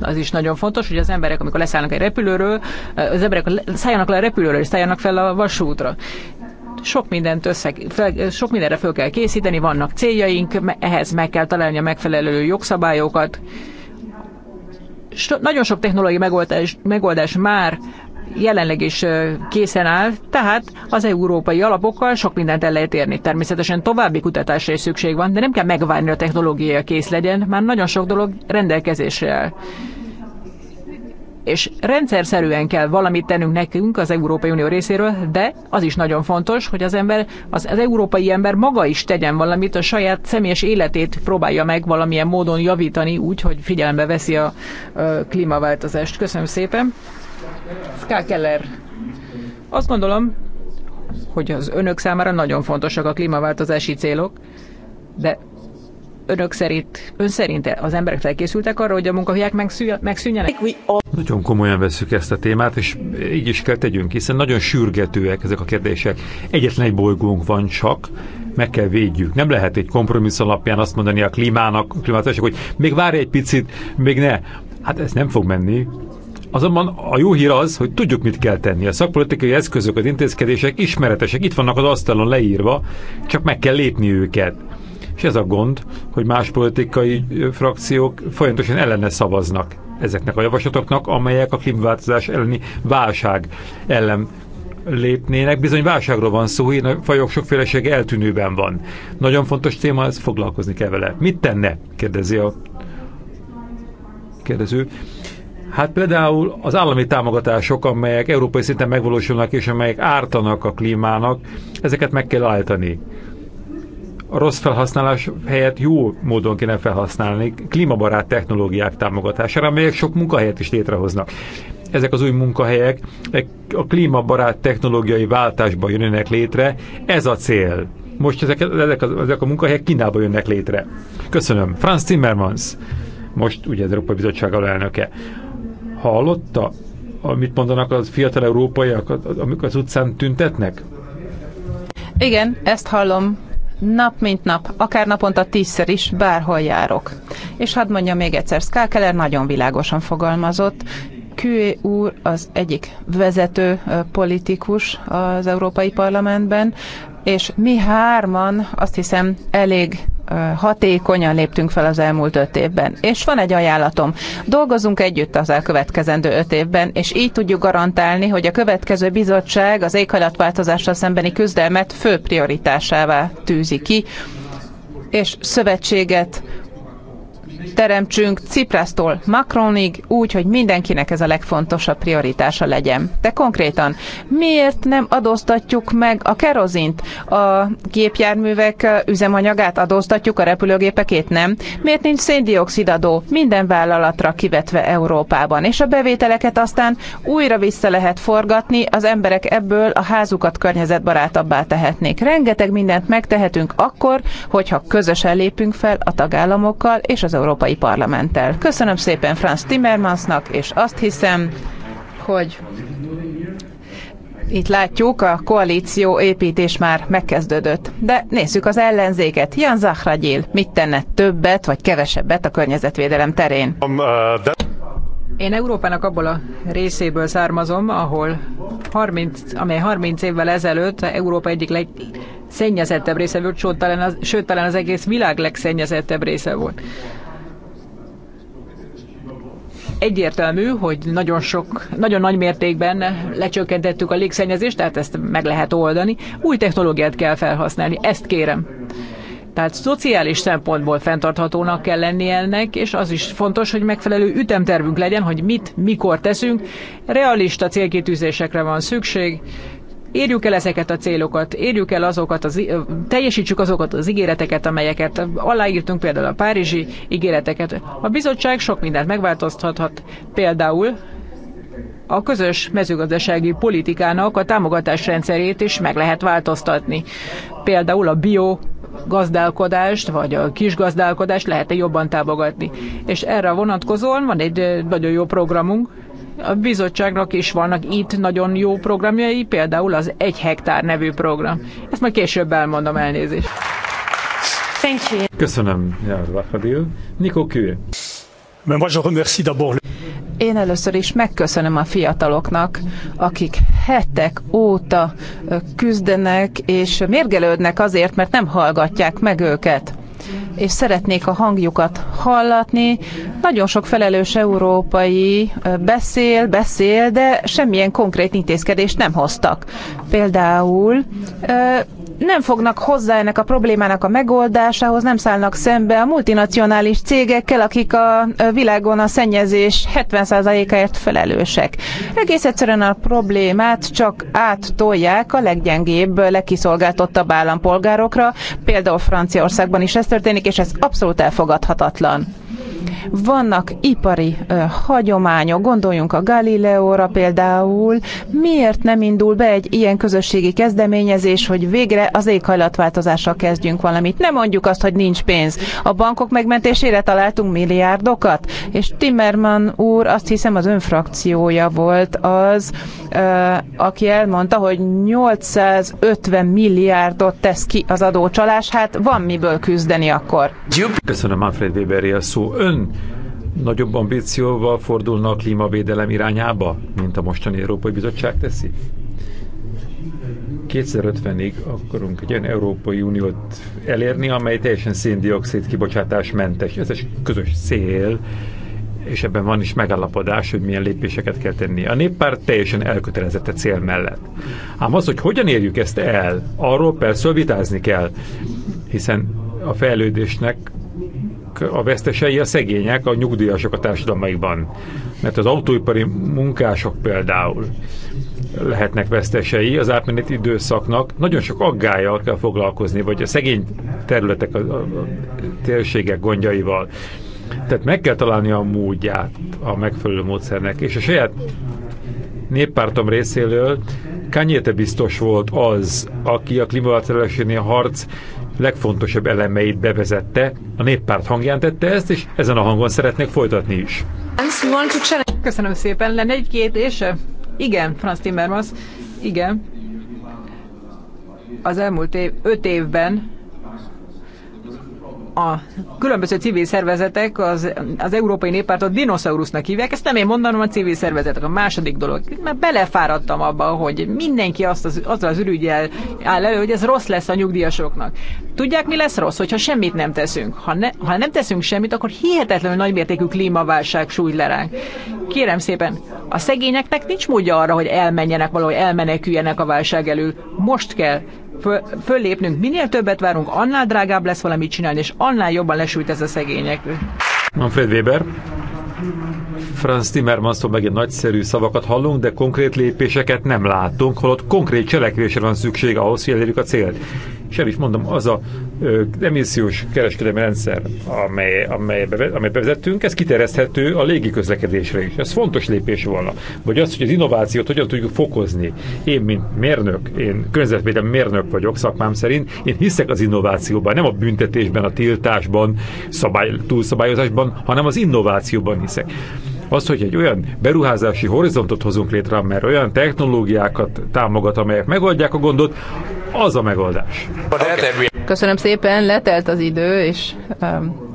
Az is nagyon fontos, hogy az emberek, amikor leszállnak egy repülőről, az emberek szálljanak le a repülőről, és szálljanak fel a vasútra sok, mindent össze, fel, sok mindenre föl kell készíteni, vannak céljaink, ehhez meg kell találni a megfelelő jogszabályokat. So, nagyon sok technológiai megoldás, megoldás már jelenleg is készen áll, tehát az európai alapokkal sok mindent el lehet érni. Természetesen további kutatásra is szükség van, de nem kell megvárni, a technológia kész legyen, már nagyon sok dolog rendelkezésre áll és rendszer szerűen kell valamit tennünk nekünk az Európai Unió részéről, de az is nagyon fontos, hogy az ember, az, az európai ember maga is tegyen valamit, a saját személyes életét próbálja meg valamilyen módon javítani, úgy, hogy figyelembe veszi a, a klímaváltozást. Köszönöm szépen. Ská Keller. Azt gondolom, hogy az önök számára nagyon fontosak a klímaváltozási célok, de önök szerint, ön szerint az emberek felkészültek arra, hogy a munkahelyek megszűnjenek? Nagyon komolyan veszük ezt a témát, és így is kell tegyünk, hiszen nagyon sürgetőek ezek a kérdések. Egyetlen egy bolygónk van csak, meg kell védjük. Nem lehet egy kompromissz alapján azt mondani a klímának, a klímátások, hogy még várj egy picit, még ne. Hát ez nem fog menni. Azonban a jó hír az, hogy tudjuk, mit kell tenni. A szakpolitikai eszközök, az intézkedések ismeretesek, itt vannak az asztalon leírva, csak meg kell lépni őket és ez a gond, hogy más politikai frakciók folyamatosan ellene szavaznak ezeknek a javaslatoknak, amelyek a klímaváltozás elleni válság ellen lépnének. Bizony válságról van szó, hogy a fajok sokfélesége eltűnőben van. Nagyon fontos téma, ez foglalkozni kell vele. Mit tenne? kérdezi a kérdező. Hát például az állami támogatások, amelyek európai szinten megvalósulnak és amelyek ártanak a klímának, ezeket meg kell állítani a rossz felhasználás helyett jó módon kéne felhasználni klímabarát technológiák támogatására, amelyek sok munkahelyet is létrehoznak. Ezek az új munkahelyek a klímabarát technológiai váltásban jönnek létre. Ez a cél. Most ezek, ezek, a, ezek a munkahelyek Kínába jönnek létre. Köszönöm. Franz Timmermans, most ugye az Európai Bizottság alelnöke. Hallotta, amit mondanak az fiatal európaiak, amik az utcán tüntetnek? Igen, ezt hallom nap mint nap, akár naponta tízszer is, bárhol járok. És hadd mondja még egyszer, Skákeler nagyon világosan fogalmazott, Küé úr az egyik vezető politikus az Európai Parlamentben, és mi hárman azt hiszem elég hatékonyan léptünk fel az elmúlt öt évben. És van egy ajánlatom. Dolgozunk együtt az elkövetkezendő öt évben, és így tudjuk garantálni, hogy a következő bizottság az éghajlatváltozással szembeni küzdelmet fő prioritásává tűzi ki, és szövetséget teremtsünk Ciprasztól Macronig úgy, hogy mindenkinek ez a legfontosabb prioritása legyen. De konkrétan, miért nem adóztatjuk meg a kerozint, a gépjárművek üzemanyagát adóztatjuk, a repülőgépekét nem? Miért nincs széndiokszid adó minden vállalatra kivetve Európában? És a bevételeket aztán újra vissza lehet forgatni, az emberek ebből a házukat környezetbarátabbá tehetnék. Rengeteg mindent megtehetünk akkor, hogyha közösen lépünk fel a tagállamokkal és az Európai Európai Parlamenttel. Köszönöm szépen Franz Timmermansnak, és azt hiszem, hogy itt látjuk, a koalíció építés már megkezdődött. De nézzük az ellenzéket. Jan Zahragyil mit tenne többet vagy kevesebbet a környezetvédelem terén? Én Európának abból a részéből származom, ahol 30, amely 30 évvel ezelőtt Európa egyik legszennyezettebb része volt, sőt talán az, sőt, talán az egész világ legszennyezettebb része volt egyértelmű, hogy nagyon sok, nagyon nagy mértékben lecsökkentettük a légszennyezést, tehát ezt meg lehet oldani. Új technológiát kell felhasználni, ezt kérem. Tehát szociális szempontból fenntarthatónak kell lennie ennek, és az is fontos, hogy megfelelő ütemtervünk legyen, hogy mit, mikor teszünk. Realista célkitűzésekre van szükség, Érjük el ezeket a célokat, érjük el azokat, az, teljesítsük azokat az ígéreteket, amelyeket aláírtunk, például a párizsi ígéreteket. A bizottság sok mindent megváltoztathat, például a közös mezőgazdasági politikának a rendszerét is meg lehet változtatni. Például a bio gazdálkodást, vagy a kis gazdálkodást lehet -e jobban támogatni. És erre vonatkozóan van egy nagyon jó programunk, a bizottságnak is vannak itt nagyon jó programjai, például az Egy Hektár nevű program. Ezt majd később elmondom elnézést. Köszönöm, Nikó Én először is megköszönöm a fiataloknak, akik hetek óta küzdenek és mérgelődnek azért, mert nem hallgatják meg őket és szeretnék a hangjukat hallatni. Nagyon sok felelős európai beszél, beszél, de semmilyen konkrét intézkedést nem hoztak. Például nem fognak hozzá ennek a problémának a megoldásához, nem szállnak szembe a multinacionális cégekkel, akik a világon a szennyezés 70%-áért felelősek. Egész egyszerűen a problémát csak áttolják a leggyengébb, legkiszolgáltottabb állampolgárokra, például Franciaországban is ez történik, és ez abszolút elfogadhatatlan. Vannak ipari ö, hagyományok, gondoljunk a Galileóra például. Miért nem indul be egy ilyen közösségi kezdeményezés, hogy végre az éghajlatváltozással kezdjünk valamit? Nem mondjuk azt, hogy nincs pénz. A bankok megmentésére találtunk milliárdokat, és Timmerman úr azt hiszem az önfrakciója volt az, ö, aki elmondta, hogy 850 milliárdot tesz ki az adócsalás. Hát van miből küzdeni akkor. Köszönöm Manfred Weberi a szó. Ön nagyobb ambícióval fordulna a klímavédelem irányába, mint a mostani Európai Bizottság teszi? 2050-ig akarunk egy olyan Európai Uniót elérni, amely teljesen széndiokszid mentes. Ez egy közös cél, és ebben van is megállapodás, hogy milyen lépéseket kell tenni. A néppárt teljesen elkötelezett a cél mellett. Ám az, hogy hogyan érjük ezt el, arról persze vitázni kell, hiszen a fejlődésnek a vesztesei a szegények, a nyugdíjasok a társadalmaikban. Mert az autóipari munkások például lehetnek vesztesei az átmeneti időszaknak. Nagyon sok aggájjal kell foglalkozni, vagy a szegény területek, a, a, a térségek gondjaival. Tehát meg kell találni a módját a megfelelő módszernek, és a saját néppártom részéről Kanyete biztos volt az, aki a klímaváltozásénél harc legfontosabb elemeit bevezette, a néppárt hangján tette ezt, és ezen a hangon szeretnék folytatni is. Köszönöm szépen. Lenne egy kérdése? Igen, Franz Timmermans. Igen. Az elmúlt év, öt évben a különböző civil szervezetek az, az Európai Néppártot dinoszaurusznak hívják, ezt nem én mondanom, a civil szervezetek. A második dolog, már belefáradtam abba, hogy mindenki azt az, azzal az ürügyel áll elő, hogy ez rossz lesz a nyugdíjasoknak. Tudják, mi lesz rossz, hogyha semmit nem teszünk? Ha, ne, ha nem teszünk semmit, akkor hihetetlenül nagymértékű klímaválság súly le ránk. Kérem szépen, a szegényeknek nincs módja arra, hogy elmenjenek valahogy, elmeneküljenek a válság elől. Most kell föllépnünk. Minél többet várunk, annál drágább lesz valamit csinálni, és annál jobban lesült ez a szegények. Manfred Weber. Franz Timmermanstól megint nagyszerű szavakat hallunk, de konkrét lépéseket nem látunk, holott konkrét cselekvésre van szükség ahhoz, hogy elérjük a célt sem is mondom, az a ö, emissziós kereskedelmi rendszer, amely, amely, bevet, amely bevezettünk, ez kiterjeszthető a légi közlekedésre is. Ez fontos lépés volna. Vagy az, hogy az innovációt hogyan tudjuk fokozni. Én, mint mérnök, én környezetvédelmi mérnök vagyok szakmám szerint, én hiszek az innovációban, nem a büntetésben, a tiltásban, szabály, túlszabályozásban, hanem az innovációban hiszek az, hogy egy olyan beruházási horizontot hozunk létre, mert olyan technológiákat támogat, amelyek megoldják a gondot, az a megoldás. Köszönöm szépen, letelt az idő, és um,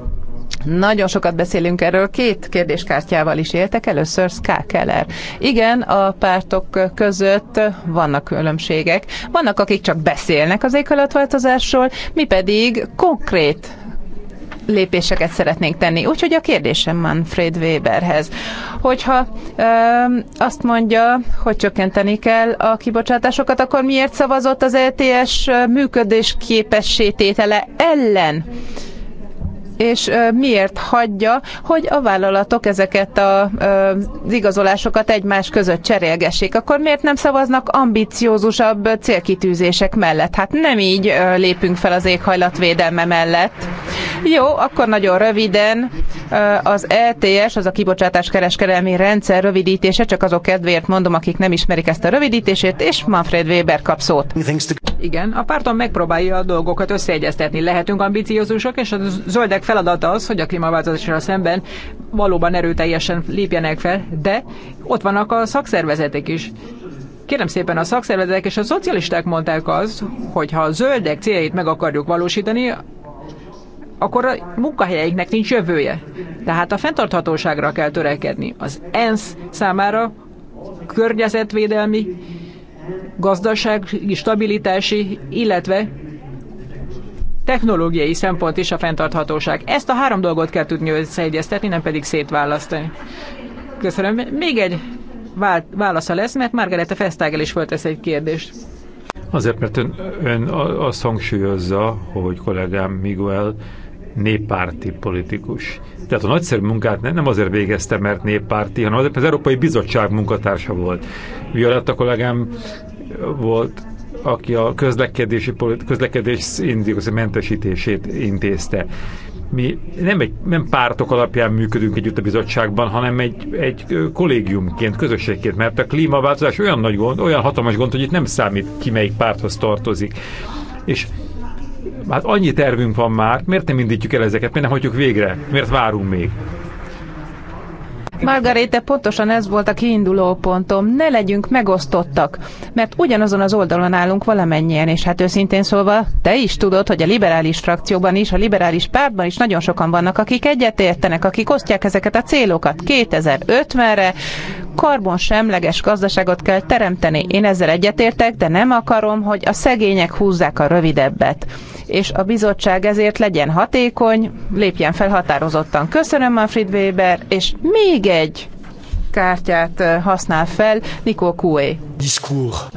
nagyon sokat beszélünk erről. Két kérdéskártyával is éltek. Először Ská Keller. Igen, a pártok között vannak különbségek. Vannak, akik csak beszélnek az éghajlatváltozásról, mi pedig konkrét lépéseket szeretnénk tenni. Úgyhogy a kérdésem Manfred Weberhez, hogyha ö, azt mondja, hogy csökkenteni kell a kibocsátásokat, akkor miért szavazott az ETS működés képessététele tétele ellen? és miért hagyja, hogy a vállalatok ezeket az igazolásokat egymás között cserélgessék. Akkor miért nem szavaznak ambiciózusabb célkitűzések mellett? Hát nem így lépünk fel az éghajlatvédelme mellett. Jó, akkor nagyon röviden az ETS, az a kibocsátás kereskedelmi rendszer rövidítése, csak azok kedvéért mondom, akik nem ismerik ezt a rövidítését, és Manfred Weber kap szót. Igen, a párton megpróbálja a dolgokat összeegyeztetni. Lehetünk ambiciózusok, és a zöldek feladata az, hogy a klímaváltozással szemben valóban erőteljesen lépjenek fel, de ott vannak a szakszervezetek is. Kérem szépen, a szakszervezetek és a szocialisták mondták az, hogy ha a zöldek céljait meg akarjuk valósítani, akkor a munkahelyeiknek nincs jövője. Tehát a fenntarthatóságra kell törekedni. Az ENSZ számára környezetvédelmi, gazdasági, stabilitási, illetve technológiai szempont és a fenntarthatóság. Ezt a három dolgot kell tudni összeegyeztetni, nem pedig szétválasztani. Köszönöm. Még egy válasza lesz, mert Margarete Festágel is föltesz egy kérdést. Azért, mert ön, ön azt hangsúlyozza, hogy kollégám Miguel néppárti politikus. Tehát a nagyszerű munkát nem azért végezte, mert néppárti, hanem az Európai Bizottság munkatársa volt. Violetta kollégám volt aki a közlekedési, közlekedés indiozi mentesítését intézte. Mi nem, egy, nem pártok alapján működünk együtt a bizottságban, hanem egy, egy kollégiumként, közösségként, mert a klímaváltozás olyan nagy gond, olyan hatalmas gond, hogy itt nem számít ki melyik párthoz tartozik. És hát annyi tervünk van már, miért nem indítjuk el ezeket, miért nem hagyjuk végre, miért várunk még? Margarete, pontosan ez volt a kiinduló pontom. Ne legyünk megosztottak, mert ugyanazon az oldalon állunk valamennyien, és hát őszintén szólva, te is tudod, hogy a liberális frakcióban is, a liberális pártban is nagyon sokan vannak, akik egyetértenek, akik osztják ezeket a célokat. 2050-re karbonsemleges gazdaságot kell teremteni. Én ezzel egyetértek, de nem akarom, hogy a szegények húzzák a rövidebbet. És a bizottság ezért legyen hatékony, lépjen fel határozottan. Köszönöm, Manfred Weber, és még egy kártyát használ fel, Nikó Kué.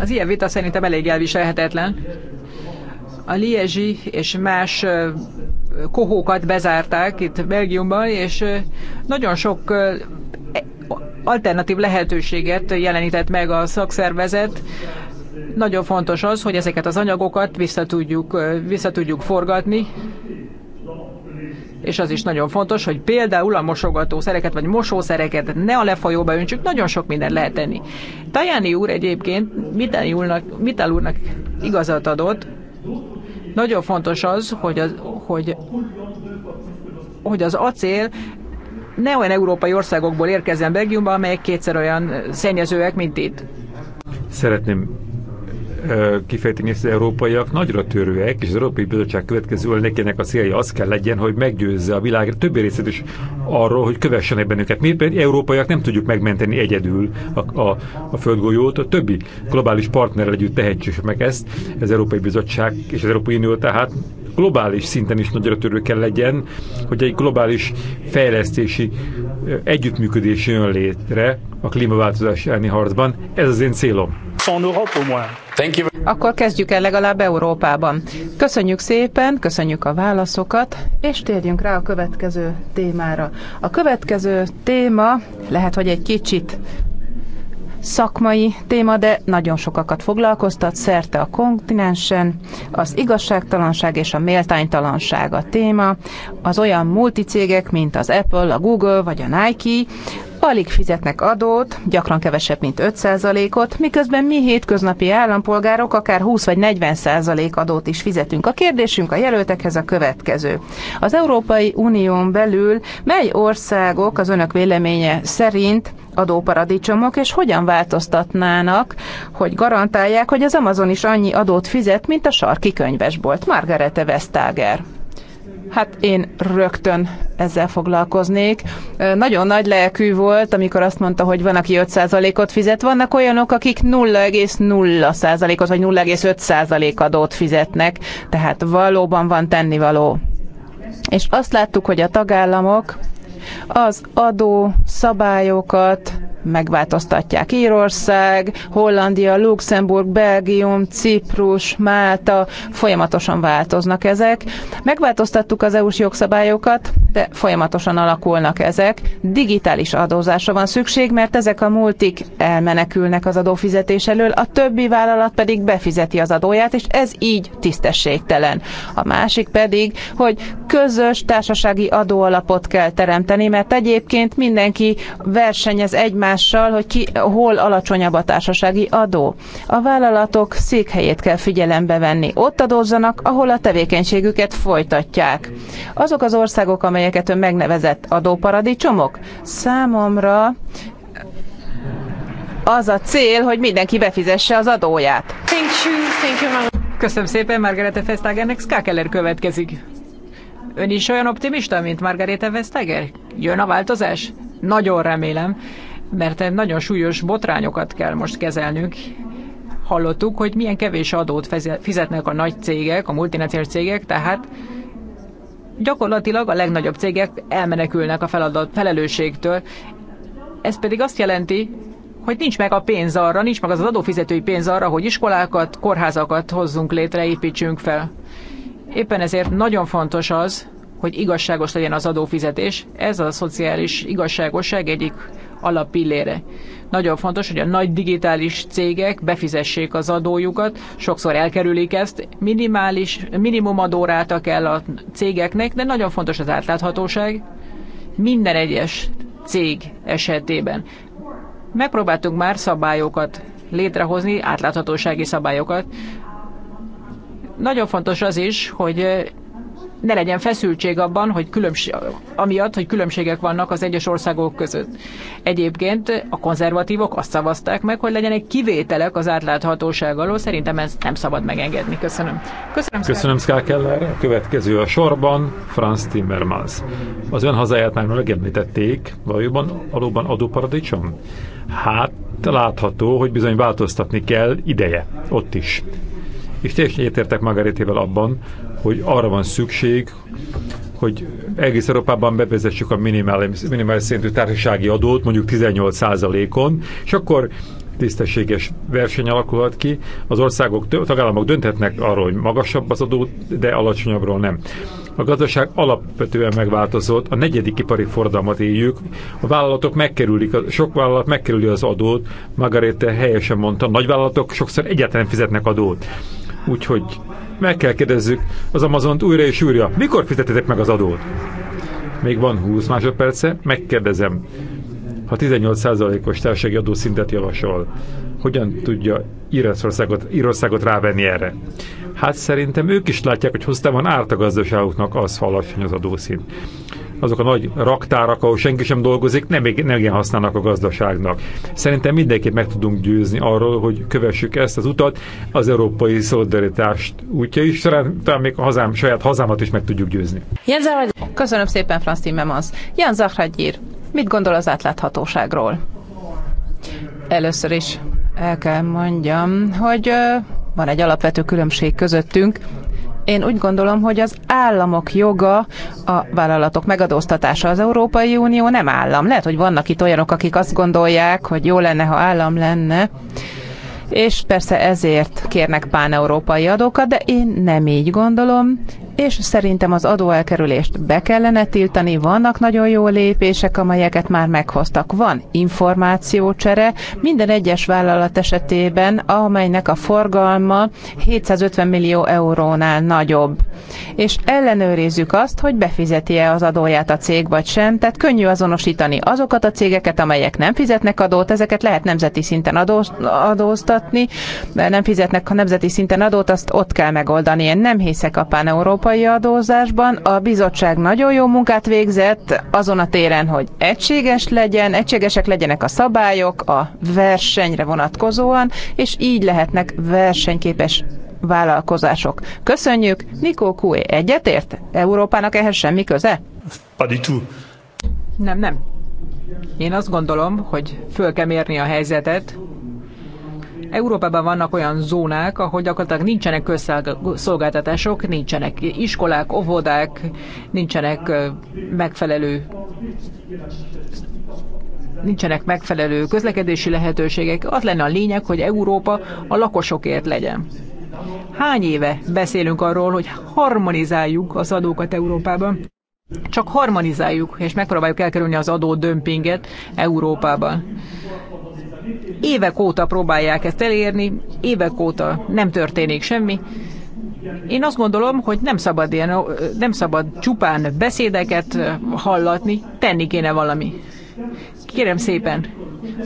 Az ilyen vita szerintem elég elviselhetetlen. A liezsi és más kohókat bezárták itt Belgiumban, és nagyon sok e, alternatív lehetőséget jelenített meg a szakszervezet. Nagyon fontos az, hogy ezeket az anyagokat vissza tudjuk, vissza tudjuk forgatni és az is nagyon fontos, hogy például a mosogatószereket vagy mosószereket ne a lefolyóba öntsük, nagyon sok mindent lehet tenni. Tajani úr egyébként Mitál úrnak, úrnak igazat adott, nagyon fontos az, hogy az, hogy, hogy az acél ne olyan európai országokból érkezzen Belgiumba, amelyek kétszer olyan szennyezőek, mint itt. Szeretném kifejtik hogy az európaiak nagyra törőek, és az Európai Bizottság következő nekinek a célja az kell legyen, hogy meggyőzze a világ többi részét is arról, hogy kövessenek bennünket. Mi pedig európaiak nem tudjuk megmenteni egyedül a, a, a földgolyót, a többi globális partnerrel együtt tehetjük meg ezt, az Európai Bizottság és az Európai Unió tehát globális szinten is nagyra törő kell legyen, hogy egy globális fejlesztési együttműködés jön létre a klímaváltozás elleni harcban. Ez az én célom. Akkor kezdjük el legalább Európában. Köszönjük szépen, köszönjük a válaszokat, és térjünk rá a következő témára. A következő téma lehet, hogy egy kicsit szakmai téma, de nagyon sokakat foglalkoztat szerte a kontinensen. Az igazságtalanság és a méltánytalanság a téma. Az olyan multicégek, mint az Apple, a Google vagy a Nike, alig fizetnek adót, gyakran kevesebb, mint 5%-ot, miközben mi hétköznapi állampolgárok akár 20 vagy 40% adót is fizetünk. A kérdésünk a jelöltekhez a következő. Az Európai Unión belül mely országok az önök véleménye szerint adóparadicsomok, és hogyan változtatnának, hogy garantálják, hogy az Amazon is annyi adót fizet, mint a sarki könyvesbolt. Margarete Vestager. Hát én rögtön ezzel foglalkoznék. Nagyon nagy lelkű volt, amikor azt mondta, hogy van, aki 5%-ot fizet, vannak olyanok, akik 0,0%-ot vagy 0,5% adót fizetnek, tehát valóban van tennivaló. És azt láttuk, hogy a tagállamok az adó szabályokat megváltoztatják Írország, Hollandia, Luxemburg, Belgium, Ciprus, Málta, folyamatosan változnak ezek. Megváltoztattuk az EU-s jogszabályokat, de folyamatosan alakulnak ezek. Digitális adózásra van szükség, mert ezek a multik elmenekülnek az adófizetés elől, a többi vállalat pedig befizeti az adóját, és ez így tisztességtelen. A másik pedig, hogy közös társasági adóalapot kell teremteni, csökkenteni, mert egyébként mindenki versenyez egymással, hogy ki, hol alacsonyabb a társasági adó. A vállalatok székhelyét kell figyelembe venni. Ott adózzanak, ahol a tevékenységüket folytatják. Azok az országok, amelyeket ön megnevezett adóparadicsomok, számomra az a cél, hogy mindenki befizesse az adóját. Thank you, thank you, Köszönöm szépen, Margarete Festagernek, Skakeller következik. Ön is olyan optimista, mint Margarete Vestager? Jön a változás? Nagyon remélem, mert nagyon súlyos botrányokat kell most kezelnünk. Hallottuk, hogy milyen kevés adót fizetnek a nagy cégek, a multinacionális cégek, tehát gyakorlatilag a legnagyobb cégek elmenekülnek a feladat, felelősségtől. Ez pedig azt jelenti, hogy nincs meg a pénz arra, nincs meg az adófizetői pénz arra, hogy iskolákat, kórházakat hozzunk létre, építsünk fel. Éppen ezért nagyon fontos az, hogy igazságos legyen az adófizetés. Ez a szociális igazságosság egyik alappillére. Nagyon fontos, hogy a nagy digitális cégek befizessék az adójukat, sokszor elkerülik ezt, minimális, minimum adóráta kell a cégeknek, de nagyon fontos az átláthatóság minden egyes cég esetében. Megpróbáltunk már szabályokat létrehozni, átláthatósági szabályokat. Nagyon fontos az is, hogy ne legyen feszültség abban, hogy különbség, amiatt, hogy különbségek vannak az egyes országok között. Egyébként a konzervatívok azt szavazták meg, hogy legyenek kivételek az átláthatóság alól. Szerintem ezt nem szabad megengedni. Köszönöm. Köszönöm, Köszönöm Ská Keller. A következő a sorban Franz Timmermans. Az ön hazáját már megemlítették, valójában valóban adóparadicsom? Hát látható, hogy bizony változtatni kell ideje, ott is és teljesen egyetértek Margaretével abban, hogy arra van szükség, hogy egész Európában bevezessük a minimális, minimális szintű társasági adót, mondjuk 18%-on, és akkor tisztességes verseny alakulhat ki. Az országok, a tagállamok dönthetnek arról, hogy magasabb az adó, de alacsonyabbról nem. A gazdaság alapvetően megváltozott, a negyedik ipari forradalmat éljük, a vállalatok megkerülik, sok vállalat megkerüli az adót, Margarete helyesen mondta, nagyvállalatok sokszor egyetlen fizetnek adót Úgyhogy meg kell kérdezzük az Amazont újra és újra. Mikor fizetetek meg az adót? Még van 20 másodperce, megkérdezem. Ha 18%-os társasági adószintet javasol, hogyan tudja Írországot, Írországot rávenni erre? Hát szerintem ők is látják, hogy hoztában árt a gazdaságoknak az, ha alacsony az adószint azok a nagy raktárak, ahol senki sem dolgozik, nem, nem igen használnak a gazdaságnak. Szerintem mindenképp meg tudunk győzni arról, hogy kövessük ezt az utat, az európai szolidaritást útja is, talán még a hazám, saját hazámat is meg tudjuk győzni. Köszönöm szépen, Franz Timmermans. Jan Zahragyír, mit gondol az átláthatóságról? Először is el kell mondjam, hogy van egy alapvető különbség közöttünk, én úgy gondolom, hogy az államok joga a vállalatok megadóztatása. Az Európai Unió nem állam. Lehet, hogy vannak itt olyanok, akik azt gondolják, hogy jó lenne, ha állam lenne, és persze ezért kérnek pán adókat, de én nem így gondolom, és szerintem az adóelkerülést be kellene tiltani, vannak nagyon jó lépések, amelyeket már meghoztak. Van információcsere minden egyes vállalat esetében, amelynek a forgalma 750 millió eurónál nagyobb. És ellenőrizzük azt, hogy befizeti-e az adóját a cég vagy sem, tehát könnyű azonosítani azokat a cégeket, amelyek nem fizetnek adót, ezeket lehet nemzeti szinten adóztatni, mert nem fizetnek a nemzeti szinten adót, azt ott kell megoldani. Én nem hiszek a pán-európai adózásban. A bizottság nagyon jó munkát végzett azon a téren, hogy egységes legyen, egységesek legyenek a szabályok a versenyre vonatkozóan, és így lehetnek versenyképes vállalkozások. Köszönjük, Nikó Kué egyetért? Európának ehhez semmi köze? Nem, nem. Én azt gondolom, hogy föl kell mérni a helyzetet, Európában vannak olyan zónák, ahol gyakorlatilag nincsenek közszolgáltatások, nincsenek iskolák, óvodák, nincsenek megfelelő nincsenek megfelelő közlekedési lehetőségek. Az lenne a lényeg, hogy Európa a lakosokért legyen. Hány éve beszélünk arról, hogy harmonizáljuk az adókat Európában? Csak harmonizáljuk, és megpróbáljuk elkerülni az adó dömpinget Európában. Évek óta próbálják ezt elérni, évek óta nem történik semmi. Én azt gondolom, hogy nem szabad, ilyen, nem szabad csupán beszédeket hallatni, tenni kéne valami. Kérem szépen,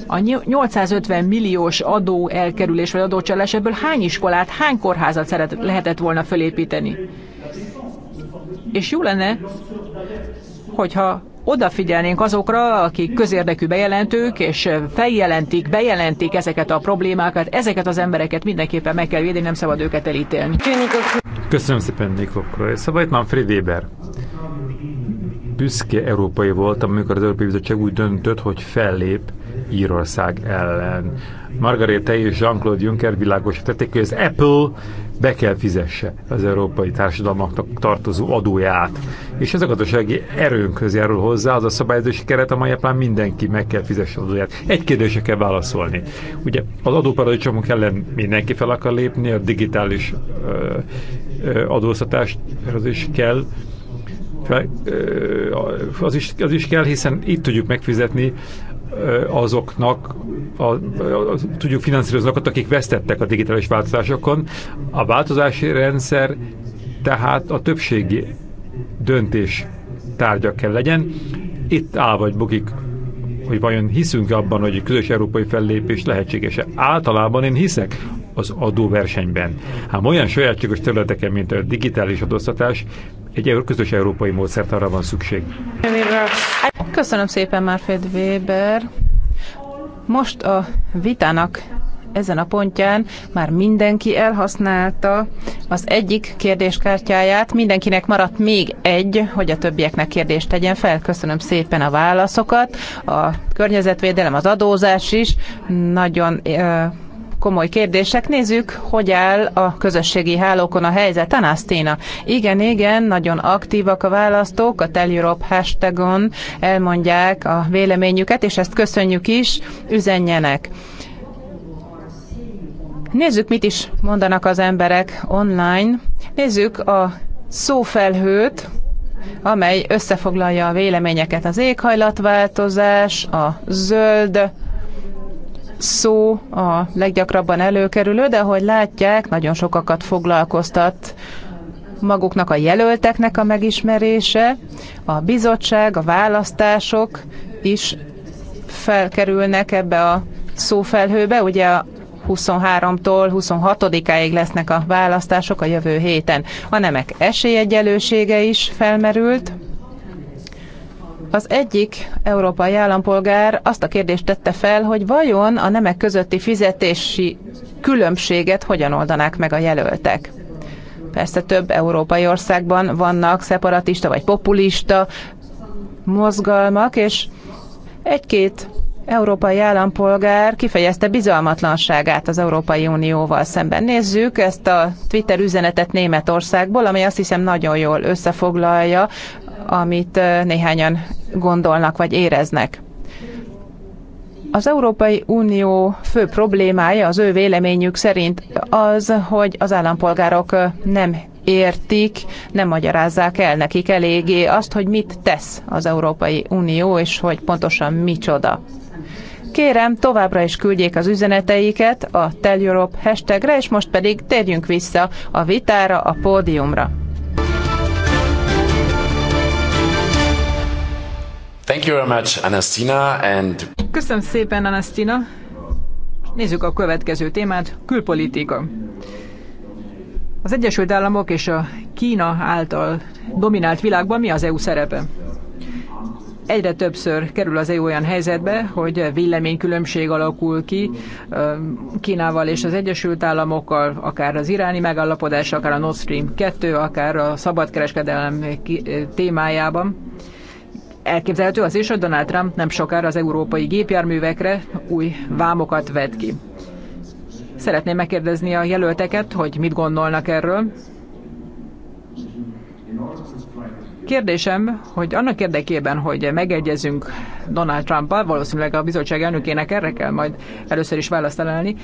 a 850 milliós adó elkerülés vagy adócsalás, ebből hány iskolát, hány kórházat szeret, lehetett volna fölépíteni? És jó lenne, hogyha odafigyelnénk azokra, akik közérdekű bejelentők, és feljelentik, bejelentik ezeket a problémákat, ezeket az embereket mindenképpen meg kell védeni, nem szabad őket elítélni. Köszönöm szépen, Nikó Krajsz. Szóval itt Manfred Weber büszke európai voltam, amikor az Európai Bizottság úgy döntött, hogy fellép Írország ellen. Margaret és Jean-Claude Juncker világosították, hogy az Apple be kell fizesse az európai társadalmaknak tartozó adóját. És ez a gazdasági erőnkhöz járul hozzá az a szabályozási keret, amely alapján mindenki meg kell fizesse az adóját. Egy kérdésre kell válaszolni. Ugye az adóparadicsomok ellen mindenki fel akar lépni, a digitális ö, adóztatást az is kell, az is, az is kell, hiszen itt tudjuk megfizetni azoknak, a, a, a, tudjuk finanszírozni azokat, akik vesztettek a digitális változásokon. A változási rendszer tehát a többségi döntés tárgya kell legyen. Itt áll vagy bukik, hogy vajon hiszünk abban, hogy egy közös európai fellépés lehetséges-e. Általában én hiszek az adóversenyben. Hát olyan sajátságos területeken, mint a digitális adóztatás, egy közös európai módszert arra van szükség. Köszönöm szépen, Márfed Weber. Most a vitának ezen a pontján már mindenki elhasználta az egyik kérdéskártyáját, mindenkinek maradt még egy, hogy a többieknek kérdést tegyen fel. Köszönöm szépen a válaszokat. A környezetvédelem, az adózás is nagyon komoly kérdések. Nézzük, hogy áll a közösségi hálókon a helyzet. Anasztina. Igen, igen, nagyon aktívak a választók, a Tell Europe hashtagon elmondják a véleményüket, és ezt köszönjük is, üzenjenek. Nézzük, mit is mondanak az emberek online. Nézzük a szófelhőt, amely összefoglalja a véleményeket az éghajlatváltozás, a zöld szó a leggyakrabban előkerülő, de ahogy látják, nagyon sokakat foglalkoztat maguknak a jelölteknek a megismerése, a bizottság, a választások is felkerülnek ebbe a szófelhőbe, ugye a 23-tól 26-áig lesznek a választások a jövő héten. A nemek esélyegyelősége is felmerült. Az egyik európai állampolgár azt a kérdést tette fel, hogy vajon a nemek közötti fizetési különbséget hogyan oldanák meg a jelöltek. Persze több európai országban vannak szeparatista vagy populista mozgalmak, és egy-két európai állampolgár kifejezte bizalmatlanságát az Európai Unióval szemben. Nézzük ezt a Twitter üzenetet Németországból, ami azt hiszem nagyon jól összefoglalja amit néhányan gondolnak vagy éreznek. Az Európai Unió fő problémája az ő véleményük szerint az, hogy az állampolgárok nem értik, nem magyarázzák el nekik eléggé azt, hogy mit tesz az Európai Unió, és hogy pontosan micsoda. Kérem, továbbra is küldjék az üzeneteiket a Tell Europe hashtagre, és most pedig térjünk vissza a vitára, a pódiumra. Thank you very much, Anastina, and... Köszönöm szépen, Anastina. Nézzük a következő témát, külpolitika. Az Egyesült Államok és a Kína által dominált világban mi az EU szerepe? Egyre többször kerül az EU olyan helyzetbe, hogy véleménykülönbség alakul ki Kínával és az Egyesült Államokkal, akár az iráni megállapodás, akár a Nord Stream 2, akár a szabadkereskedelem témájában elképzelhető az is, hogy Donald Trump nem sokára az európai gépjárművekre új vámokat vet ki. Szeretném megkérdezni a jelölteket, hogy mit gondolnak erről. Kérdésem, hogy annak érdekében, hogy megegyezünk Donald Trumpal, valószínűleg a bizottság elnökének erre kell majd először is választ találni,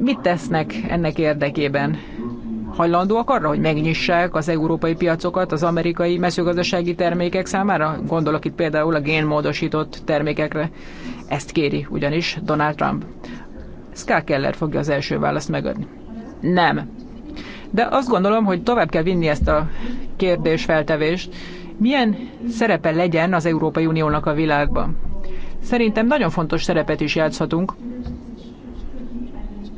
mit tesznek ennek érdekében? hajlandóak arra, hogy megnyissák az európai piacokat az amerikai mezőgazdasági termékek számára? Gondolok itt például a génmódosított termékekre. Ezt kéri ugyanis Donald Trump. Ská Keller fogja az első választ megadni. Nem. De azt gondolom, hogy tovább kell vinni ezt a kérdésfeltevést. Milyen szerepe legyen az Európai Uniónak a világban? Szerintem nagyon fontos szerepet is játszhatunk,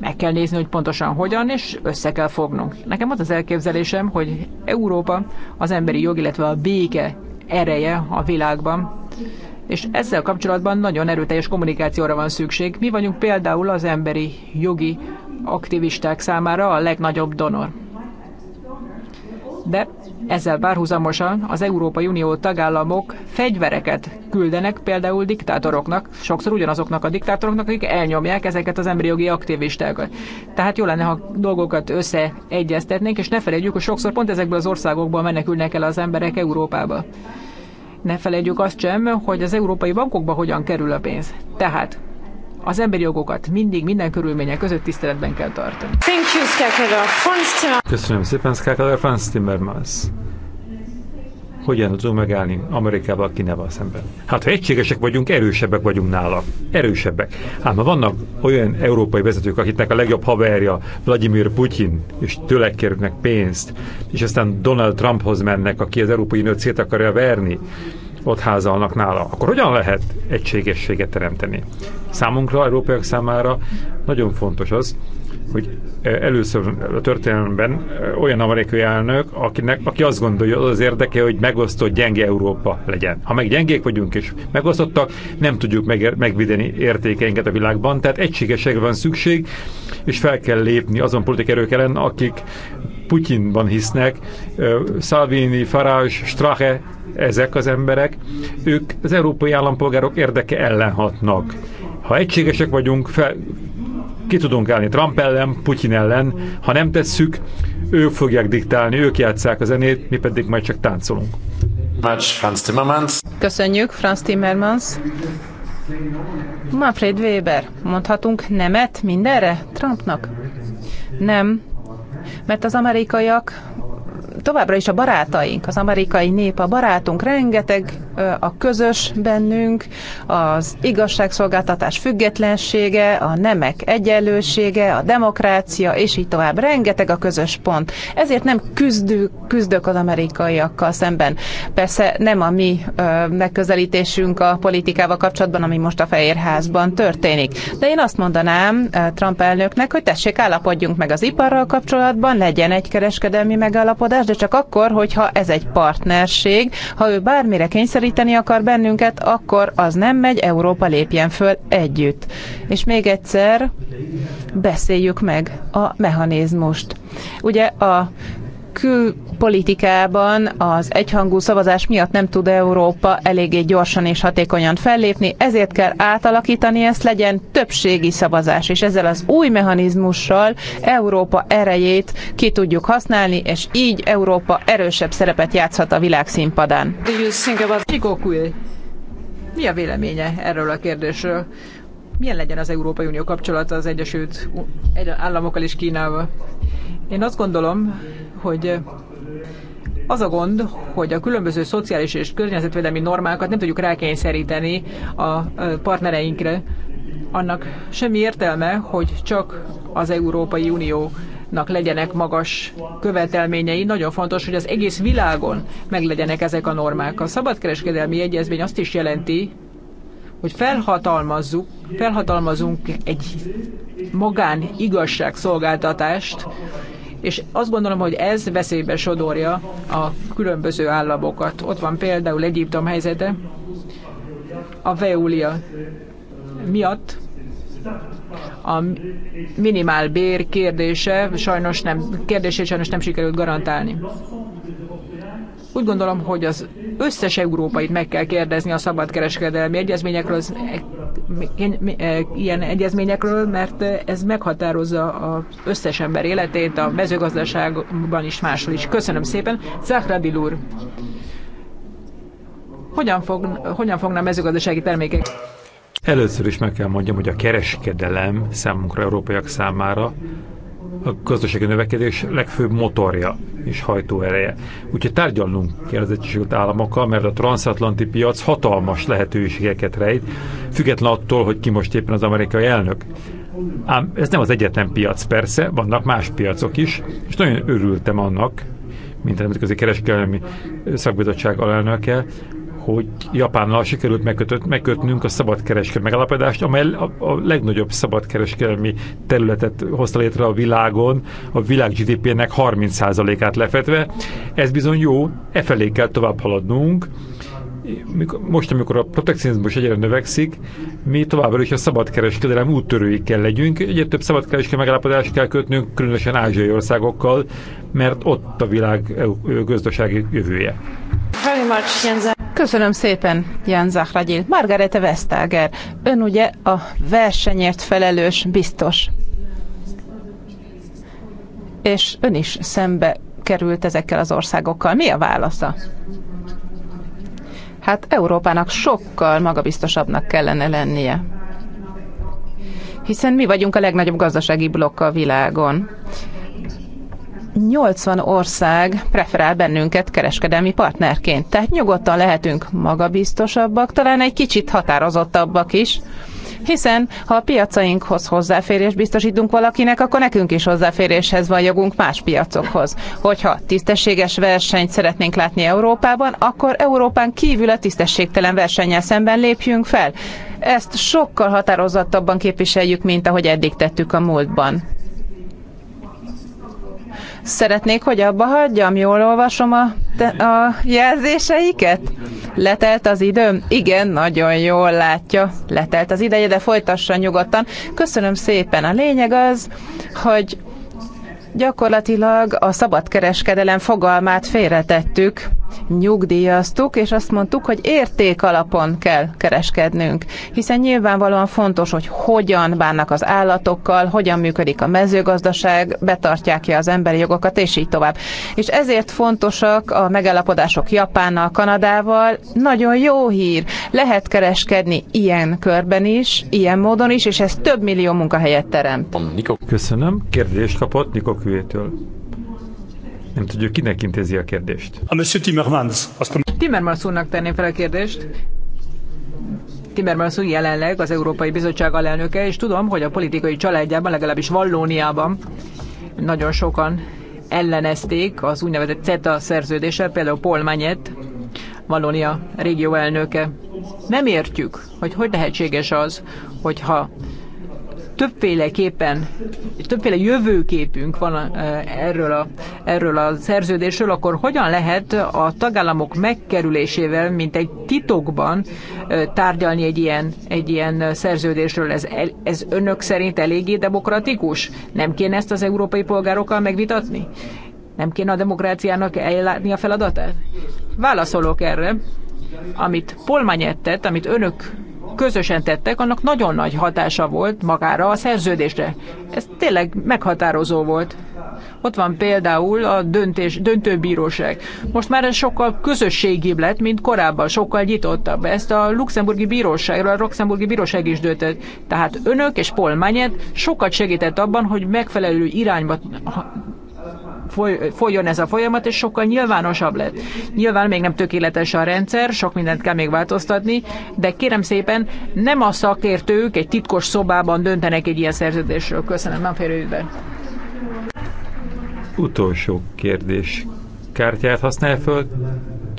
meg kell nézni, hogy pontosan hogyan, és össze kell fognunk. Nekem az az elképzelésem, hogy Európa az emberi jog, illetve a béke ereje a világban, és ezzel kapcsolatban nagyon erőteljes kommunikációra van szükség. Mi vagyunk például az emberi jogi aktivisták számára a legnagyobb donor de ezzel párhuzamosan az Európai Unió tagállamok fegyvereket küldenek például diktátoroknak, sokszor ugyanazoknak a diktátoroknak, akik elnyomják ezeket az emberi jogi aktivistákat. Tehát jó lenne, ha dolgokat összeegyeztetnénk, és ne felejtjük, hogy sokszor pont ezekből az országokból menekülnek el az emberek Európába. Ne felejtjük azt sem, hogy az európai bankokba hogyan kerül a pénz. Tehát az emberi jogokat mindig, minden körülmények között tiszteletben kell tartani. Köszönöm szépen, Skákeler Franz Timmermans. Hogyan tudunk megállni Amerikával, Kínával szemben? Hát, ha egységesek vagyunk, erősebbek vagyunk nála. Erősebbek. Ám ha vannak olyan európai vezetők, akiknek a legjobb haverja Vladimir Putin és tőle kérnek pénzt, és aztán Donald Trumphoz mennek, aki az Európai nőt szét akarja verni, ott házalnak nála. Akkor hogyan lehet egységességet teremteni? Számunkra, európaiak számára nagyon fontos az, hogy e, először a történelemben e, olyan amerikai elnök, akinek, aki azt gondolja, az az érdeke, hogy megosztott gyenge Európa legyen. Ha meg gyengék vagyunk és megosztottak, nem tudjuk meg, megvideni értékeinket a világban, tehát egységeségre van szükség, és fel kell lépni azon politikerők ellen, akik Putyinban hisznek, e, Salvini, Farage, Strache ezek az emberek, ők az európai állampolgárok érdeke ellen hatnak. Ha egységesek vagyunk, fel, ki tudunk állni Trump ellen, Putyin ellen, ha nem tesszük, ők fogják diktálni, ők játszák a zenét, mi pedig majd csak táncolunk. Köszönjük, Franz Timmermans. Manfred Weber, mondhatunk nemet mindenre Trumpnak? Nem, mert az amerikaiak továbbra is a barátaink, az amerikai nép a barátunk, rengeteg a közös bennünk, az igazságszolgáltatás függetlensége, a nemek egyenlősége, a demokrácia, és így tovább. Rengeteg a közös pont. Ezért nem küzdő, küzdök az amerikaiakkal szemben. Persze nem a mi megközelítésünk a politikával kapcsolatban, ami most a Fehérházban történik. De én azt mondanám Trump elnöknek, hogy tessék, állapodjunk meg az iparral kapcsolatban, legyen egy kereskedelmi megállapodás, megoldás, de csak akkor, hogyha ez egy partnerség. Ha ő bármire kényszeríteni akar bennünket, akkor az nem megy, Európa lépjen föl együtt. És még egyszer beszéljük meg a mechanizmust. Ugye a külpolitikában az egyhangú szavazás miatt nem tud Európa eléggé gyorsan és hatékonyan fellépni, ezért kell átalakítani ezt, legyen többségi szavazás, és ezzel az új mechanizmussal Európa erejét ki tudjuk használni, és így Európa erősebb szerepet játszhat a világszínpadán. Mi a véleménye erről a kérdésről? Milyen legyen az Európai Unió kapcsolata az Egyesült Államokkal és Kínával? Én azt gondolom, hogy az a gond, hogy a különböző szociális és környezetvédelmi normákat nem tudjuk rákényszeríteni a partnereinkre. Annak semmi értelme, hogy csak az Európai Unió legyenek magas követelményei. Nagyon fontos, hogy az egész világon meglegyenek ezek a normák. A szabadkereskedelmi egyezmény azt is jelenti, hogy felhatalmazzuk, felhatalmazunk egy magán igazságszolgáltatást, és azt gondolom, hogy ez veszélybe sodorja a különböző államokat. Ott van például Egyiptom helyzete, a Veulia miatt a minimál bér kérdése sajnos nem, kérdését sajnos nem sikerült garantálni. Úgy gondolom, hogy az összes európait meg kell kérdezni a szabadkereskedelmi egyezményekről, az Eh, ilyen egyezményekről, mert eh, ez meghatározza az összes ember életét, a mezőgazdaságban is máshol is. Köszönöm szépen. Zahradil úr, hogyan, fog, hogyan fogna a mezőgazdasági termékek? Először is meg kell mondjam, hogy a kereskedelem számunkra, európaiak számára a gazdasági növekedés legfőbb motorja és hajtóereje. Úgyhogy tárgyalnunk kell az Egyesült Államokkal, mert a transatlanti piac hatalmas lehetőségeket rejt, független attól, hogy ki most éppen az amerikai elnök. Ám ez nem az egyetlen piac, persze, vannak más piacok is, és nagyon örültem annak, mint a Nemzetközi Kereskedelmi Szakbizottság alelnöke, hogy Japánnal sikerült megkötött, megkötnünk a szabadkereskedelmi megállapodást, amely a, a legnagyobb szabadkereskedelmi területet hozta létre a világon, a világ GDP-nek 30%-át lefetve. Ez bizony jó, e felé kell tovább haladnunk, most, amikor a protekcionizmus egyre növekszik, mi továbbra is a szabadkereskedelem úttörői kell legyünk. Egyre több szabadkereskedelmi megállapodást kell kötnünk, különösen ázsiai országokkal, mert ott a világ e, gazdasági jövője. Very much, Jensen. Köszönöm szépen, Jan Zahragyil. Margarete Vestager, ön ugye a versenyért felelős biztos. És ön is szembe került ezekkel az országokkal. Mi a válasza? Hát Európának sokkal magabiztosabbnak kellene lennie. Hiszen mi vagyunk a legnagyobb gazdasági blokk a világon 80 ország preferál bennünket kereskedelmi partnerként. Tehát nyugodtan lehetünk magabiztosabbak, talán egy kicsit határozottabbak is, hiszen ha a piacainkhoz hozzáférés biztosítunk valakinek, akkor nekünk is hozzáféréshez van jogunk más piacokhoz. Hogyha tisztességes versenyt szeretnénk látni Európában, akkor Európán kívül a tisztességtelen versennyel szemben lépjünk fel. Ezt sokkal határozottabban képviseljük, mint ahogy eddig tettük a múltban. Szeretnék, hogy abba hagyjam, jól olvasom a, a jelzéseiket? Letelt az időm? Igen, nagyon jól látja. Letelt az ideje, de folytassa nyugodtan. Köszönöm szépen. A lényeg az, hogy gyakorlatilag a szabadkereskedelem fogalmát félretettük nyugdíjaztuk, és azt mondtuk, hogy érték alapon kell kereskednünk. Hiszen nyilvánvalóan fontos, hogy hogyan bánnak az állatokkal, hogyan működik a mezőgazdaság, betartják-e az emberi jogokat, és így tovább. És ezért fontosak a megállapodások Japánnal, Kanadával. Nagyon jó hír. Lehet kereskedni ilyen körben is, ilyen módon is, és ez több millió munkahelyet terem. Köszönöm. Kérdést kapott Nikok Hüvétől. Nem tudja, kinek intézi a kérdést. A Monsieur Timmermans. Azt mondom. Timmermans úrnak tenném fel a kérdést. Timmermans úr jelenleg az Európai Bizottság alelnöke, és tudom, hogy a politikai családjában, legalábbis Vallóniában nagyon sokan ellenezték az úgynevezett CETA szerződéssel, például Paul Magnet, Vallónia régió elnöke. Nem értjük, hogy hogy lehetséges az, hogyha többféleképpen, többféle jövőképünk van erről a, erről a szerződésről, akkor hogyan lehet a tagállamok megkerülésével, mint egy titokban tárgyalni egy ilyen, egy ilyen szerződésről? Ez, ez önök szerint eléggé demokratikus? Nem kéne ezt az európai polgárokkal megvitatni? Nem kéne a demokráciának ellátni a feladatát? Válaszolok erre, amit Polmányet tett, amit önök közösen tettek, annak nagyon nagy hatása volt magára a szerződésre. Ez tényleg meghatározó volt. Ott van például a döntés, döntőbíróság. Most már ez sokkal közösségibb lett, mint korábban, sokkal nyitottabb. Ezt a luxemburgi bíróságról a luxemburgi bíróság is döntött. Tehát önök és Paul Magnet sokat segített abban, hogy megfelelő irányba folyjon ez a folyamat, és sokkal nyilvánosabb lett. Nyilván még nem tökéletes a rendszer, sok mindent kell még változtatni, de kérem szépen, nem a szakértők egy titkos szobában döntenek egy ilyen szerződésről. Köszönöm, nem férőjükben. Utolsó kérdés. Kártyát használ föl?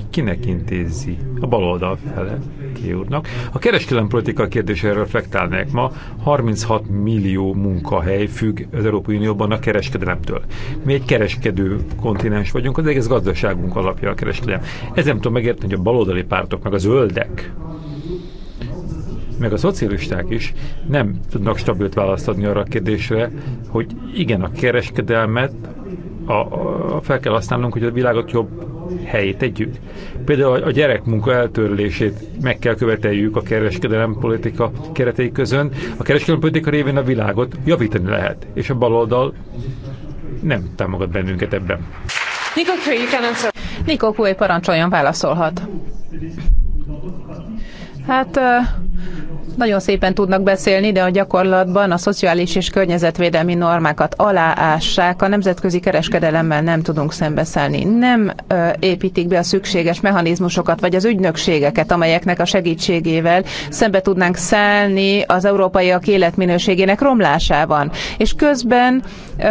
Kinek intézi? A baloldal fele. Draghi úrnak. A kereskedelmi politika kérdésére reflektálnék ma, 36 millió munkahely függ az Európai Unióban a kereskedelemtől. Mi egy kereskedő kontinens vagyunk, az egész gazdaságunk alapja a kereskedelem. Ez nem tudom megérteni, hogy a baloldali pártok, meg a zöldek, meg a szocialisták is nem tudnak stabilt választ adni arra a kérdésre, hogy igen, a kereskedelmet a, a, fel kell használnunk, hogy a világot jobb helyét együtt. Például a gyerekmunka eltörlését meg kell követeljük a kereskedelem politika keretei közön. A kereskedelem politika révén a világot javítani lehet, és a baloldal nem támogat bennünket ebben. Nikó Kői, parancsoljon, válaszolhat. Hát nagyon szépen tudnak beszélni, de a gyakorlatban a szociális és környezetvédelmi normákat aláássák, a nemzetközi kereskedelemmel nem tudunk szembeszállni. Nem ö, építik be a szükséges mechanizmusokat, vagy az ügynökségeket, amelyeknek a segítségével szembe tudnánk szállni az európaiak életminőségének romlásában. És közben ö,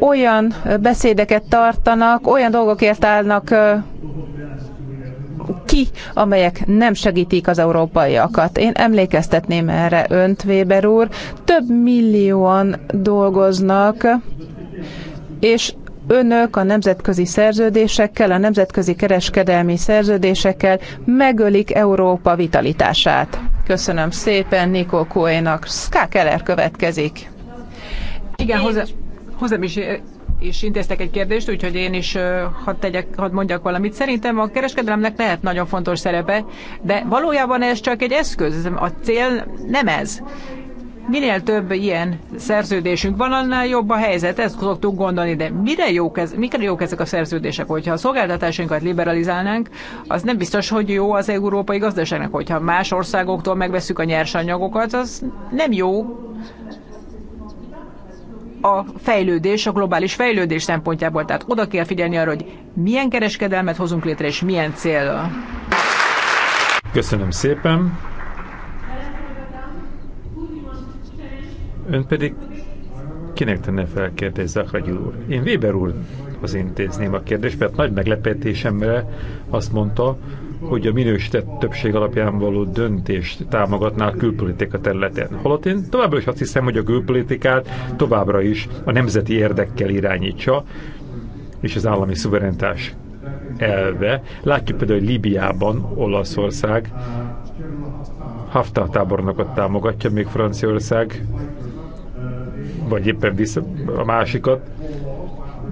olyan beszédeket tartanak, olyan dolgokért állnak ö, ki, amelyek nem segítik az európaiakat. Én emlékeztetném erre önt, Weber úr. Több millióan dolgoznak, és önök a nemzetközi szerződésekkel, a nemzetközi kereskedelmi szerződésekkel megölik Európa vitalitását. Köszönöm szépen Nikol Kóénak. Ská Keller következik. Igen, hozzám is és intéztek egy kérdést, úgyhogy én is hadd, tegyek, hadd mondjak valamit. Szerintem a kereskedelemnek lehet nagyon fontos szerepe, de valójában ez csak egy eszköz. A cél nem ez. Minél több ilyen szerződésünk van, annál jobb a helyzet, ezt szoktuk gondolni, de mire jók, ez, mikre jók ezek a szerződések? Hogyha a szolgáltatásainkat liberalizálnánk, az nem biztos, hogy jó az európai gazdaságnak. Hogyha más országoktól megveszük a nyersanyagokat, az nem jó a fejlődés, a globális fejlődés szempontjából. Tehát oda kell figyelni arra, hogy milyen kereskedelmet hozunk létre, és milyen célra. Köszönöm szépen. Ön pedig kinek tenne fel kérdést, Zahragyil úr? Én Weber úrhoz intézném a kérdést, mert nagy meglepetésemre azt mondta, hogy a minősített többség alapján való döntést támogatná a külpolitika területen. Holott én továbbra is azt hiszem, hogy a külpolitikát továbbra is a nemzeti érdekkel irányítsa, és az állami szuverenitás elve. Látjuk például, hogy Líbiában Olaszország Haftar tábornokot támogatja, még Franciaország, vagy éppen vissza a másikat.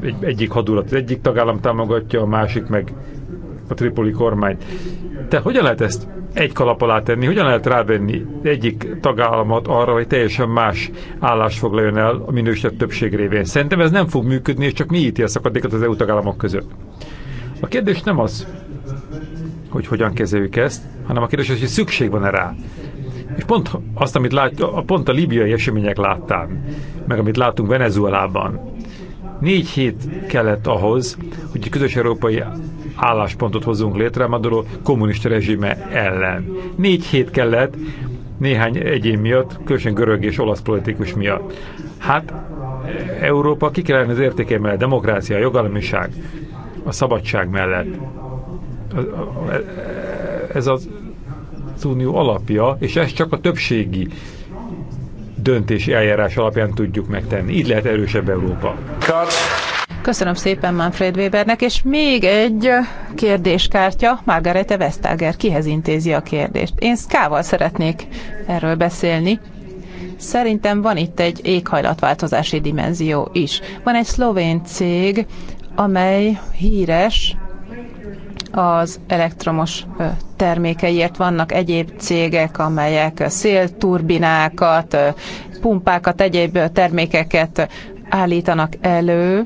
Egy, egyik hadulat az egyik tagállam támogatja, a másik meg a tripoli kormányt. Tehát hogyan lehet ezt egy kalap alá tenni? Hogyan lehet rávenni egyik tagállamot arra, hogy teljesen más állás foglaljon el a minősített többség révén? Szerintem ez nem fog működni, és csak mi íti a szakadékot az EU tagállamok között. A kérdés nem az, hogy hogyan kezeljük ezt, hanem a kérdés az, hogy szükség van-e rá. És pont azt, amit lát, pont a libiai események láttán, meg amit látunk Venezuelában, Négy hét kellett ahhoz, hogy egy közös európai álláspontot hozzunk létre Maduro kommunista rezsime ellen. Négy hét kellett néhány egyén miatt, különösen görög és olasz politikus miatt. Hát Európa ki kellene az értékei mellett, demokrácia, a a szabadság mellett. Ez az, az unió alapja, és ez csak a többségi döntési eljárás alapján tudjuk megtenni. Így lehet erősebb Európa. Cut. Köszönöm szépen Manfred Webernek, és még egy kérdéskártya, Margarete Vestager, kihez intézi a kérdést? Én Skával szeretnék erről beszélni. Szerintem van itt egy éghajlatváltozási dimenzió is. Van egy szlovén cég, amely híres az elektromos termékeiért. Vannak egyéb cégek, amelyek szélturbinákat, pumpákat, egyéb termékeket állítanak elő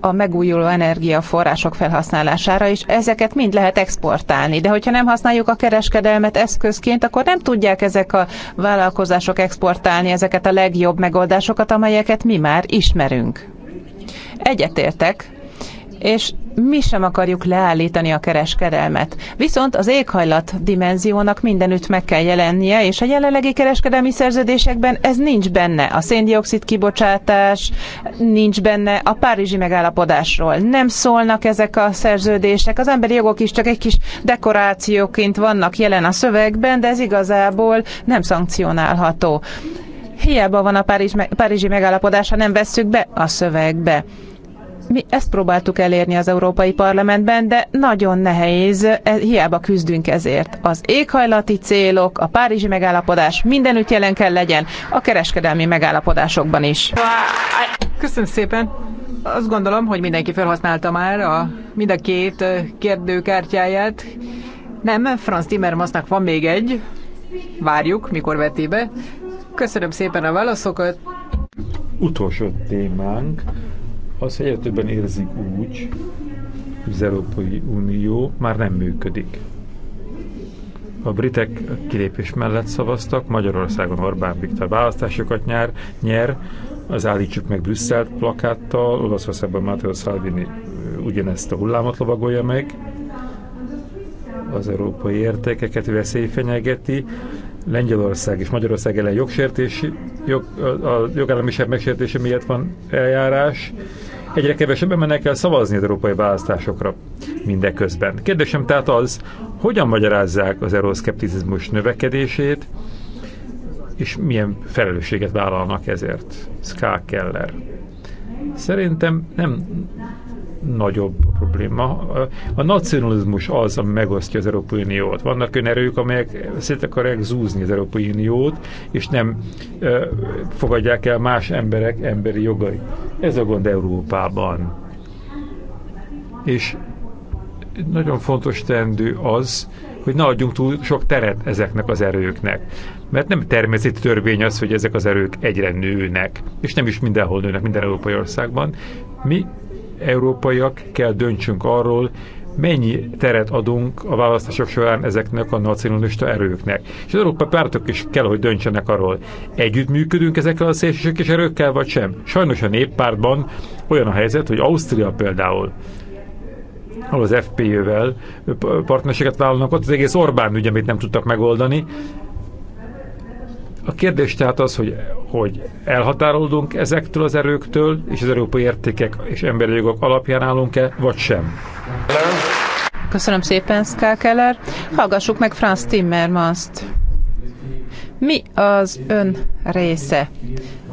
a megújuló energiaforrások felhasználására, és ezeket mind lehet exportálni. De hogyha nem használjuk a kereskedelmet eszközként, akkor nem tudják ezek a vállalkozások exportálni ezeket a legjobb megoldásokat, amelyeket mi már ismerünk. Egyetértek, és mi sem akarjuk leállítani a kereskedelmet. Viszont az éghajlat dimenziónak mindenütt meg kell jelennie, és a jelenlegi kereskedelmi szerződésekben ez nincs benne. A széndiokszid kibocsátás nincs benne, a párizsi megállapodásról nem szólnak ezek a szerződések. Az emberi jogok is csak egy kis dekorációként vannak jelen a szövegben, de ez igazából nem szankcionálható. Hiába van a Párizs, párizsi megállapodás, ha nem vesszük be a szövegbe. Mi ezt próbáltuk elérni az Európai Parlamentben, de nagyon nehéz, e, hiába küzdünk ezért. Az éghajlati célok, a párizsi megállapodás mindenütt jelen kell legyen, a kereskedelmi megállapodásokban is. Köszönöm szépen! Azt gondolom, hogy mindenki felhasználta már a, mind a két kérdőkártyáját. Nem, Franz Timmermansnak van még egy. Várjuk, mikor veti be. Köszönöm szépen a válaszokat. Utolsó témánk az egyre többen érzik úgy, hogy az Európai Unió már nem működik. A britek kilépés mellett szavaztak, Magyarországon Orbán Viktor választásokat nyár, nyer, az Állítsuk meg Brüsszelt plakáttal, Olaszországban Matteo Salvini ugyanezt a hullámot lovagolja meg, az európai értékeket veszély fenyegeti, Lengyelország és Magyarország ellen jogsértési, jog, a jogállamiság megsértése miatt van eljárás, egyre kevesebben mennek el szavazni az európai választásokra mindeközben. Kérdésem tehát az, hogyan magyarázzák az euroszkepticizmus növekedését, és milyen felelősséget vállalnak ezért? Ská Keller. Szerintem nem nagyobb probléma. A nacionalizmus az, ami megosztja az Európai Uniót. Vannak olyan erők, amelyek szét akarják zúzni az Európai Uniót, és nem ö, fogadják el más emberek emberi jogai. Ez a gond Európában. És nagyon fontos teendő az, hogy ne adjunk túl sok teret ezeknek az erőknek. Mert nem természeti törvény az, hogy ezek az erők egyre nőnek, és nem is mindenhol nőnek, minden európai országban. Mi európaiak kell döntsünk arról, mennyi teret adunk a választások során ezeknek a nacionalista erőknek. És az európai pártok is kell, hogy döntsenek arról, együttműködünk ezekkel a szélsőséges erőkkel, vagy sem. Sajnos a néppártban olyan a helyzet, hogy Ausztria például, ahol az FPÖ-vel partnerséget vállalnak, ott az egész Orbán ügy, amit nem tudtak megoldani, a kérdés tehát az, hogy, hogy elhatárolódunk ezektől az erőktől, és az európai értékek és emberi jogok alapján állunk-e, vagy sem. Köszönöm szépen, Skákeller. Hallgassuk meg Franz Timmermans-t. Mi az ön része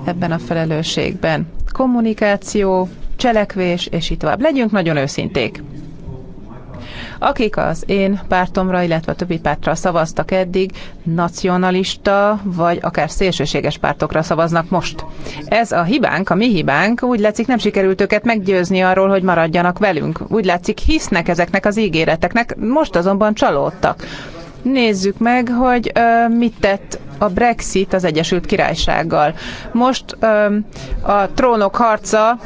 ebben a felelősségben? Kommunikáció, cselekvés, és így tovább. Legyünk nagyon őszinték akik az én pártomra, illetve a többi pártra szavaztak eddig, nacionalista vagy akár szélsőséges pártokra szavaznak most. Ez a hibánk, a mi hibánk, úgy látszik nem sikerült őket meggyőzni arról, hogy maradjanak velünk. Úgy látszik hisznek ezeknek az ígéreteknek, most azonban csalódtak. Nézzük meg, hogy ö, mit tett a Brexit az Egyesült Királysággal. Most ö, a trónok harca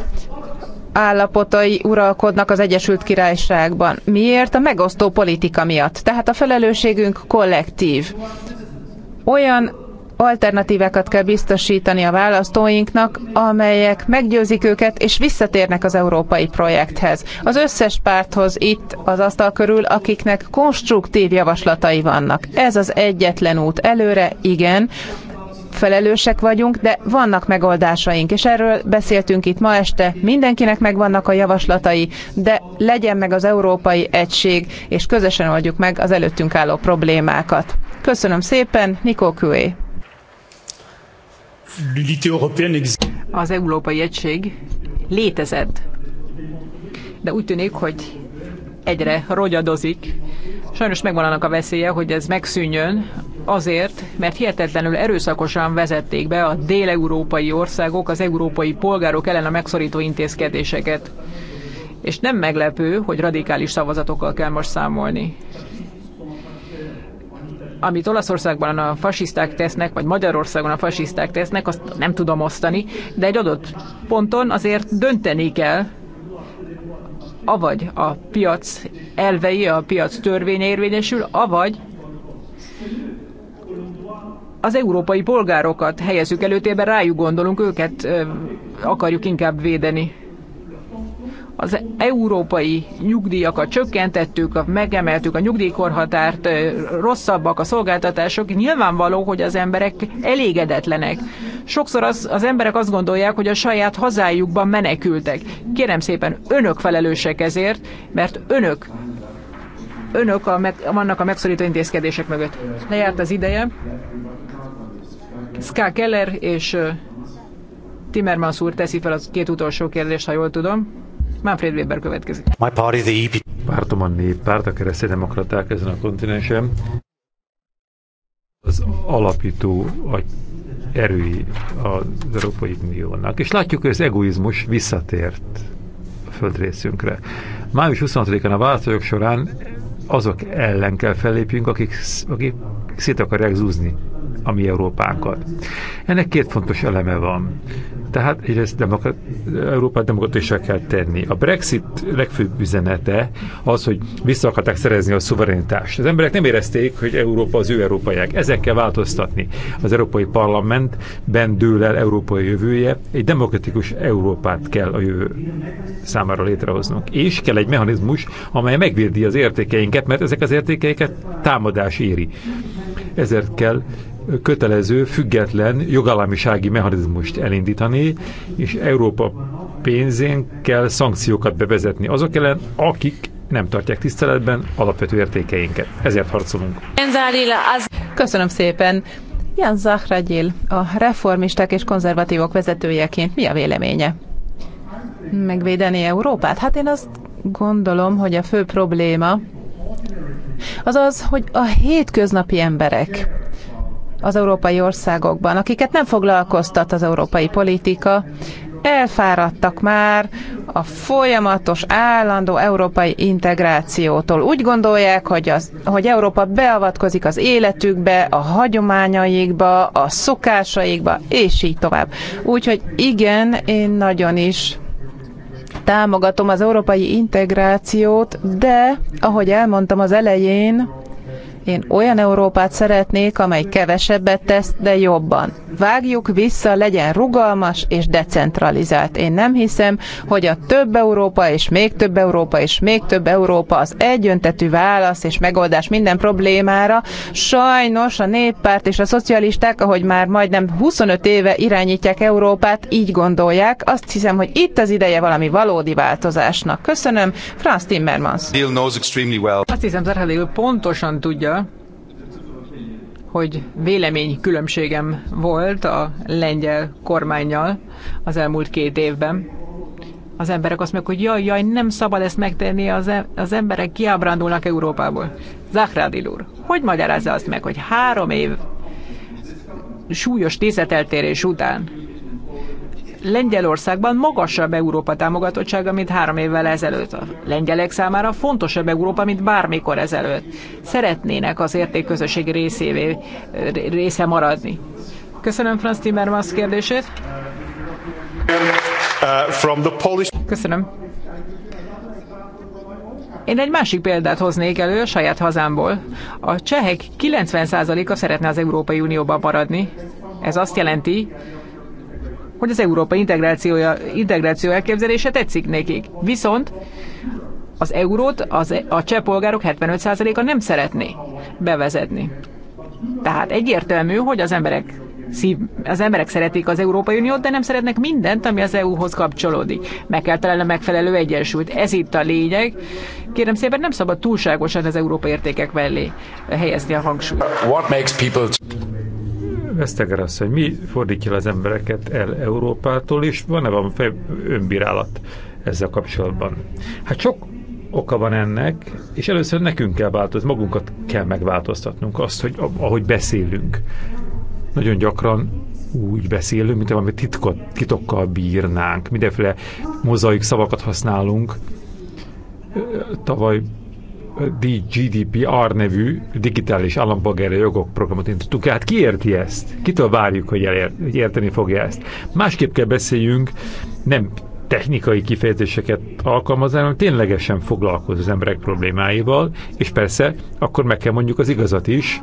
állapotai uralkodnak az Egyesült Királyságban. Miért? A megosztó politika miatt. Tehát a felelősségünk kollektív. Olyan alternatívákat kell biztosítani a választóinknak, amelyek meggyőzik őket és visszatérnek az európai projekthez. Az összes párthoz itt az asztal körül, akiknek konstruktív javaslatai vannak. Ez az egyetlen út előre, igen, felelősek vagyunk, de vannak megoldásaink, és erről beszéltünk itt ma este. Mindenkinek megvannak a javaslatai, de legyen meg az európai egység, és közösen oldjuk meg az előttünk álló problémákat. Köszönöm szépen, Nikó Küé. Az Európai Egység létezett, de úgy tűnik, hogy egyre rogyadozik. Sajnos megvan annak a veszélye, hogy ez megszűnjön azért, mert hihetetlenül erőszakosan vezették be a déleurópai országok az európai polgárok ellen a megszorító intézkedéseket. És nem meglepő, hogy radikális szavazatokkal kell most számolni. Amit Olaszországban a fasiszták tesznek, vagy Magyarországon a fasiszták tesznek, azt nem tudom osztani, de egy adott ponton azért dönteni kell, avagy a piac elvei, a piac törvény érvényesül, avagy az európai polgárokat helyezzük előtérbe, rájuk gondolunk, őket akarjuk inkább védeni. Az európai nyugdíjakat csökkentettük, megemeltük a nyugdíjkorhatárt, rosszabbak a szolgáltatások. Nyilvánvaló, hogy az emberek elégedetlenek. Sokszor az, az emberek azt gondolják, hogy a saját hazájukban menekültek. Kérem szépen, önök felelősek ezért, mert önök önök a meg, vannak a megszorító intézkedések mögött. Lejárt az ideje. Ska Keller és Timmermans úr teszi fel az két utolsó kérdést, ha jól tudom. Manfred Weber következik. My party, the EP. Pártom a párt a kereszténydemokraták ezen a kontinensen. Az alapító erői az Európai Uniónak. És látjuk, hogy az egoizmus visszatért a földrészünkre. Május 26-án a választások során azok ellen kell fellépjünk, akik, akik szét akarják zúzni a mi Európánkat. Ennek két fontos eleme van. Tehát egyrészt demokrat, Európát demokratisra kell tenni. A Brexit legfőbb üzenete az, hogy vissza akarták szerezni a szuverenitást. Az emberek nem érezték, hogy Európa az ő európaiak. Ezek kell változtatni. Az Európai Parlamentben dől el európai jövője. Egy demokratikus Európát kell a jövő számára létrehoznunk. És kell egy mechanizmus, amely megvédi az értékeinket, mert ezek az értékeiket támadás éri. Ezért kell kötelező, független jogállamisági mechanizmust elindítani, és Európa pénzén kell szankciókat bevezetni azok ellen, akik nem tartják tiszteletben alapvető értékeinket. Ezért harcolunk. Köszönöm szépen. Jan Zahragyil, a reformisták és konzervatívok vezetőjeként mi a véleménye? Megvédeni Európát? Hát én azt gondolom, hogy a fő probléma az az, hogy a hétköznapi emberek az európai országokban, akiket nem foglalkoztat az európai politika, elfáradtak már a folyamatos, állandó európai integrációtól. Úgy gondolják, hogy, az, hogy Európa beavatkozik az életükbe, a hagyományaikba, a szokásaikba, és így tovább. Úgyhogy igen, én nagyon is támogatom az európai integrációt, de, ahogy elmondtam az elején, én olyan Európát szeretnék, amely kevesebbet tesz, de jobban. Vágjuk vissza, legyen rugalmas és decentralizált. Én nem hiszem, hogy a több Európa és még több Európa és még több Európa az egyöntetű válasz és megoldás minden problémára. Sajnos a néppárt és a szocialisták, ahogy már majdnem 25 éve irányítják Európát, így gondolják. Azt hiszem, hogy itt az ideje valami valódi változásnak. Köszönöm, Franz Timmermans. Azt hiszem, Zerhelil pontosan tudja, hogy vélemény különbségem volt a lengyel kormányjal az elmúlt két évben. Az emberek azt mondják, hogy jaj, jaj, nem szabad ezt megtenni, az, e- az emberek kiábrándulnak Európából. Zahradil úr, hogy magyarázza azt meg, hogy három év súlyos tízeteltérés után Lengyelországban magasabb Európa támogatottsága, mint három évvel ezelőtt. A lengyelek számára fontosabb Európa, mint bármikor ezelőtt. Szeretnének az értékközösség részévé, része maradni. Köszönöm Franz Timmermans kérdését. Uh, Köszönöm. Én egy másik példát hoznék elő a saját hazámból. A csehek 90%-a szeretne az Európai Unióban maradni. Ez azt jelenti, hogy az európai integrációja, integráció elképzelése tetszik nekik. Viszont az eurót az, a cseh polgárok 75%-a nem szeretné bevezetni. Tehát egyértelmű, hogy az emberek szív, az emberek szeretik az Európai Uniót, de nem szeretnek mindent, ami az EU-hoz kapcsolódik. Meg kell találni a megfelelő egyensúlyt. Ez itt a lényeg. Kérem szépen, nem szabad túlságosan az európai értékek mellé helyezni a hangsúlyt. What makes people... Vesztegár azt, hogy mi fordítja az embereket el Európától, és van-e van önbírálat ezzel kapcsolatban? Hát sok oka van ennek, és először nekünk kell változni, magunkat kell megváltoztatnunk, azt, hogy ahogy beszélünk. Nagyon gyakran úgy beszélünk, mint valami titkot, titokkal bírnánk. Mindenféle mozaik szavakat használunk. Tavaly DGDPR nevű digitális állampolgári jogok programot indítottuk. Hát ki érti ezt? Kitől várjuk, hogy, elér, hogy érteni fogja ezt? Másképp kell beszéljünk, nem technikai kifejezéseket alkalmazni, hanem ténylegesen foglalkoz az emberek problémáival, és persze akkor meg kell mondjuk az igazat is,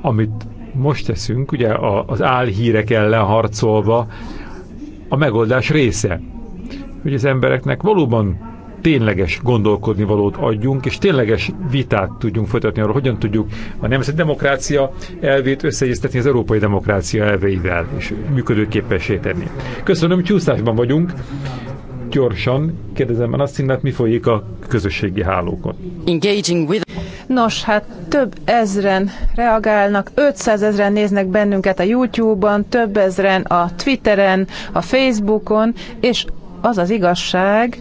amit most teszünk, ugye az álhírek ellen harcolva, a megoldás része, hogy az embereknek valóban tényleges gondolkodni valót adjunk, és tényleges vitát tudjunk folytatni arról, hogyan tudjuk a nemzeti demokrácia elvét összeegyeztetni az európai demokrácia elveivel, és működőképessé tenni. Köszönöm, csúszásban vagyunk. Gyorsan kérdezem már azt innen, mi folyik a közösségi hálókon. Engaging with Nos, hát több ezren reagálnak, 500 ezren néznek bennünket a YouTube-on, több ezren a Twitteren, a Facebookon, és az az igazság,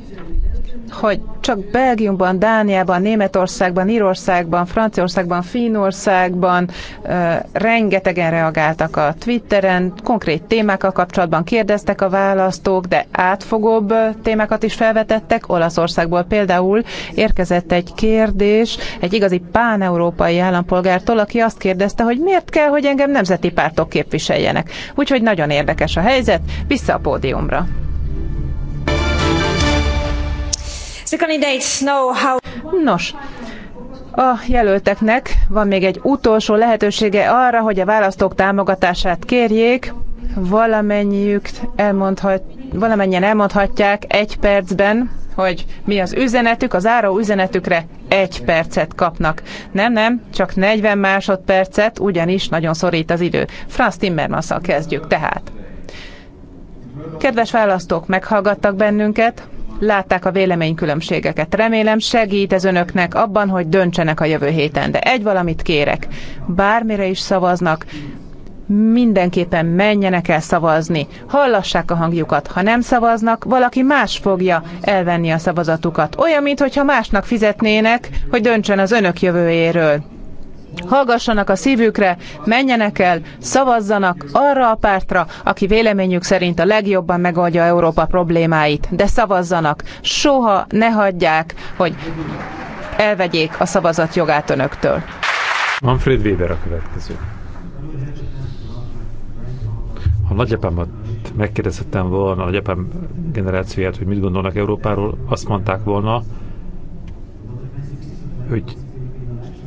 hogy csak Belgiumban, Dániában, Németországban, Írországban, Franciaországban, Finnországban e, rengetegen reagáltak a Twitteren, konkrét témákkal kapcsolatban kérdeztek a választók, de átfogóbb témákat is felvetettek. Olaszországból például érkezett egy kérdés egy igazi páneurópai állampolgártól, aki azt kérdezte, hogy miért kell, hogy engem nemzeti pártok képviseljenek. Úgyhogy nagyon érdekes a helyzet. Vissza a pódiumra. Nos, a jelölteknek van még egy utolsó lehetősége arra, hogy a választók támogatását kérjék. Valamennyiük elmondhat, valamennyien elmondhatják egy percben, hogy mi az üzenetük, az áró üzenetükre egy percet kapnak. Nem, nem, csak 40 másodpercet, ugyanis nagyon szorít az idő. Franz timmermans kezdjük tehát. Kedves választók, meghallgattak bennünket, látták a véleménykülönbségeket. Remélem segít ez önöknek abban, hogy döntsenek a jövő héten. De egy valamit kérek, bármire is szavaznak, mindenképpen menjenek el szavazni, hallassák a hangjukat. Ha nem szavaznak, valaki más fogja elvenni a szavazatukat. Olyan, mintha másnak fizetnének, hogy döntsön az önök jövőjéről hallgassanak a szívükre, menjenek el, szavazzanak arra a pártra, aki véleményük szerint a legjobban megoldja Európa problémáit. De szavazzanak, soha ne hagyják, hogy elvegyék a szavazat jogát önöktől. Manfred Weber a következő. Ha nagyapámat megkérdezhettem volna, a nagyapám generációját, hogy mit gondolnak Európáról, azt mondták volna, hogy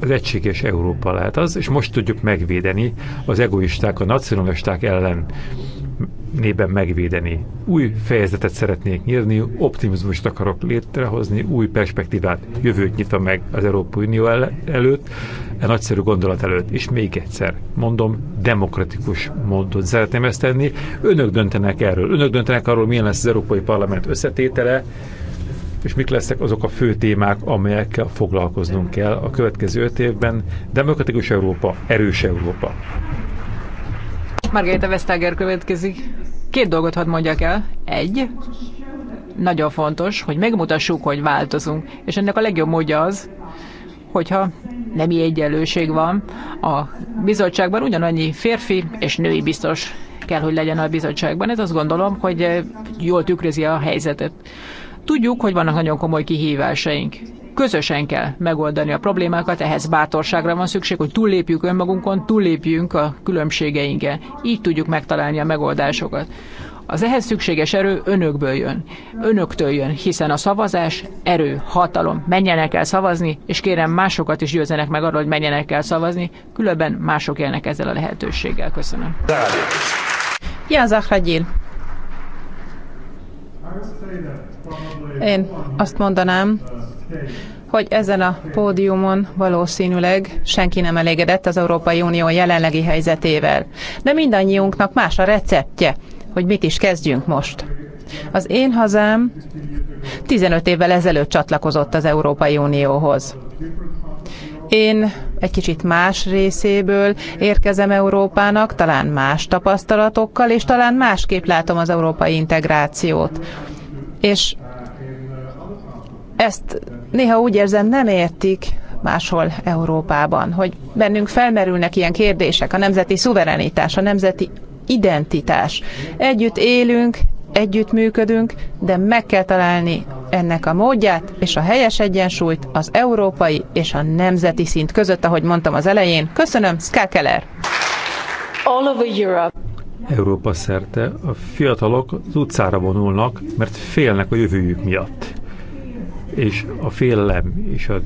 az egységes Európa lehet az, és most tudjuk megvédeni az egoisták, a nacionalisták ellen nében megvédeni. Új fejezetet szeretnék nyírni, optimizmust akarok létrehozni, új perspektívát, jövőt nyitva meg az Európai Unió el- előtt, a e nagyszerű gondolat előtt. És még egyszer, mondom, demokratikus módon szeretném ezt tenni. Önök döntenek erről. Önök döntenek arról, milyen lesz az Európai Parlament összetétele, és mik lesznek azok a fő témák, amelyekkel foglalkoznunk kell a következő öt évben. Demokratikus Európa, erős Európa. Margarita Vestager következik. Két dolgot hadd mondjak el. Egy, nagyon fontos, hogy megmutassuk, hogy változunk. És ennek a legjobb módja az, hogyha nemi egyenlőség van a bizottságban, ugyanannyi férfi és női biztos kell, hogy legyen a bizottságban. Ez azt gondolom, hogy jól tükrözi a helyzetet. Tudjuk, hogy vannak nagyon komoly kihívásaink. Közösen kell megoldani a problémákat, ehhez bátorságra van szükség, hogy túllépjük önmagunkon, túllépjünk a különbségeinken. Így tudjuk megtalálni a megoldásokat. Az ehhez szükséges erő önökből jön. Önöktől jön, hiszen a szavazás erő, hatalom. Menjenek el szavazni, és kérem másokat is győzenek meg arról, hogy menjenek el szavazni, különben mások élnek ezzel a lehetőséggel. Köszönöm. Ján Zahragyil. Én azt mondanám, hogy ezen a pódiumon valószínűleg senki nem elégedett az Európai Unió jelenlegi helyzetével. De mindannyiunknak más a receptje, hogy mit is kezdjünk most. Az én hazám 15 évvel ezelőtt csatlakozott az Európai Unióhoz. Én egy kicsit más részéből érkezem Európának, talán más tapasztalatokkal, és talán másképp látom az európai integrációt. És ezt néha úgy érzem, nem értik máshol Európában, hogy bennünk felmerülnek ilyen kérdések, a nemzeti szuverenitás, a nemzeti identitás. Együtt élünk, együttműködünk, de meg kell találni ennek a módját és a helyes egyensúlyt az európai és a nemzeti szint között, ahogy mondtam az elején. Köszönöm, Keller! All over Europe. Európa szerte a fiatalok az utcára vonulnak, mert félnek a jövőjük miatt. És a félelem és a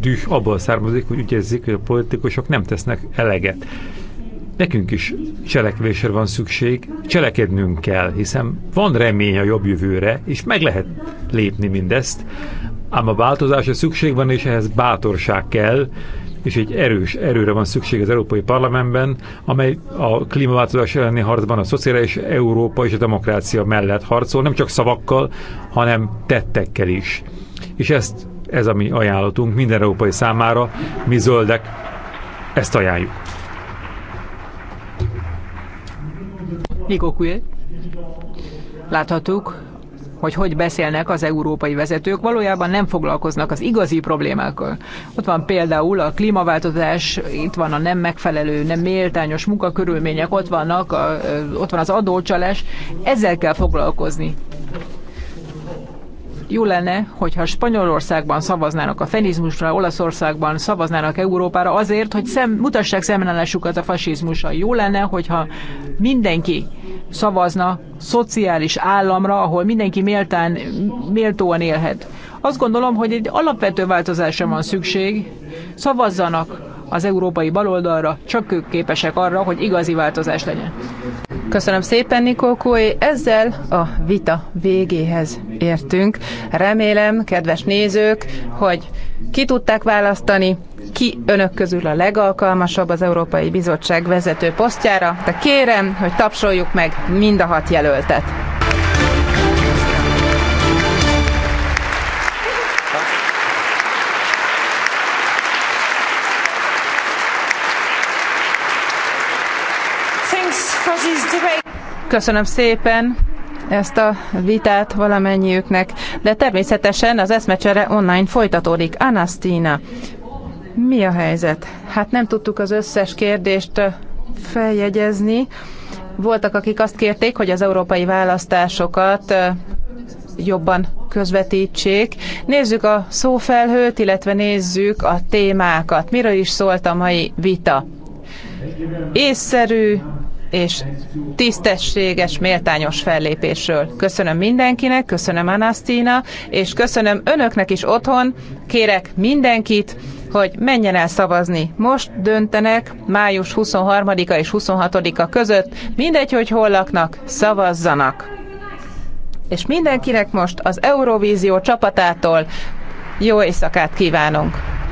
düh abból származik, hogy ügyezzik, hogy a politikusok nem tesznek eleget nekünk is cselekvésre van szükség, cselekednünk kell, hiszen van remény a jobb jövőre, és meg lehet lépni mindezt, ám a változásra szükség van, és ehhez bátorság kell, és egy erős erőre van szükség az Európai Parlamentben, amely a klímaváltozás elleni harcban a szociális Európa és a demokrácia mellett harcol, nem csak szavakkal, hanem tettekkel is. És ezt, ez a mi ajánlatunk minden európai számára, mi zöldek ezt ajánljuk. Nikó Kué. Láthattuk, hogy hogy beszélnek az európai vezetők, valójában nem foglalkoznak az igazi problémákkal. Ott van például a klímaváltozás, itt van a nem megfelelő, nem méltányos munkakörülmények, ott, vannak a, ott van az adócsalás, ezzel kell foglalkozni. Jó lenne, hogyha Spanyolországban szavaznának a fenizmusra, Olaszországban szavaznának Európára azért, hogy szem, mutassák szemlenállásukat a fasizmusra. Jó lenne, hogyha mindenki szavazna szociális államra, ahol mindenki méltán, méltóan élhet. Azt gondolom, hogy egy alapvető változásra van szükség. Szavazzanak az európai baloldalra, csak ők képesek arra, hogy igazi változás legyen. Köszönöm szépen, Nikó Kói. Ezzel a vita végéhez értünk. Remélem, kedves nézők, hogy ki tudták választani, ki önök közül a legalkalmasabb az Európai Bizottság vezető posztjára, de kérem, hogy tapsoljuk meg mind a hat jelöltet. Köszönöm szépen ezt a vitát valamennyiüknek, de természetesen az eszmecsere online folytatódik. Anastina, mi a helyzet? Hát nem tudtuk az összes kérdést feljegyezni. Voltak, akik azt kérték, hogy az európai választásokat jobban közvetítsék. Nézzük a szófelhőt, illetve nézzük a témákat. Miről is szólt a mai vita? Észszerű és tisztességes, méltányos fellépésről. Köszönöm mindenkinek, köszönöm Anasztina, és köszönöm önöknek is otthon. Kérek mindenkit, hogy menjen el szavazni. Most döntenek május 23-a és 26-a között, mindegy, hogy hol laknak, szavazzanak. És mindenkinek most az Eurovízió csapatától jó éjszakát kívánunk!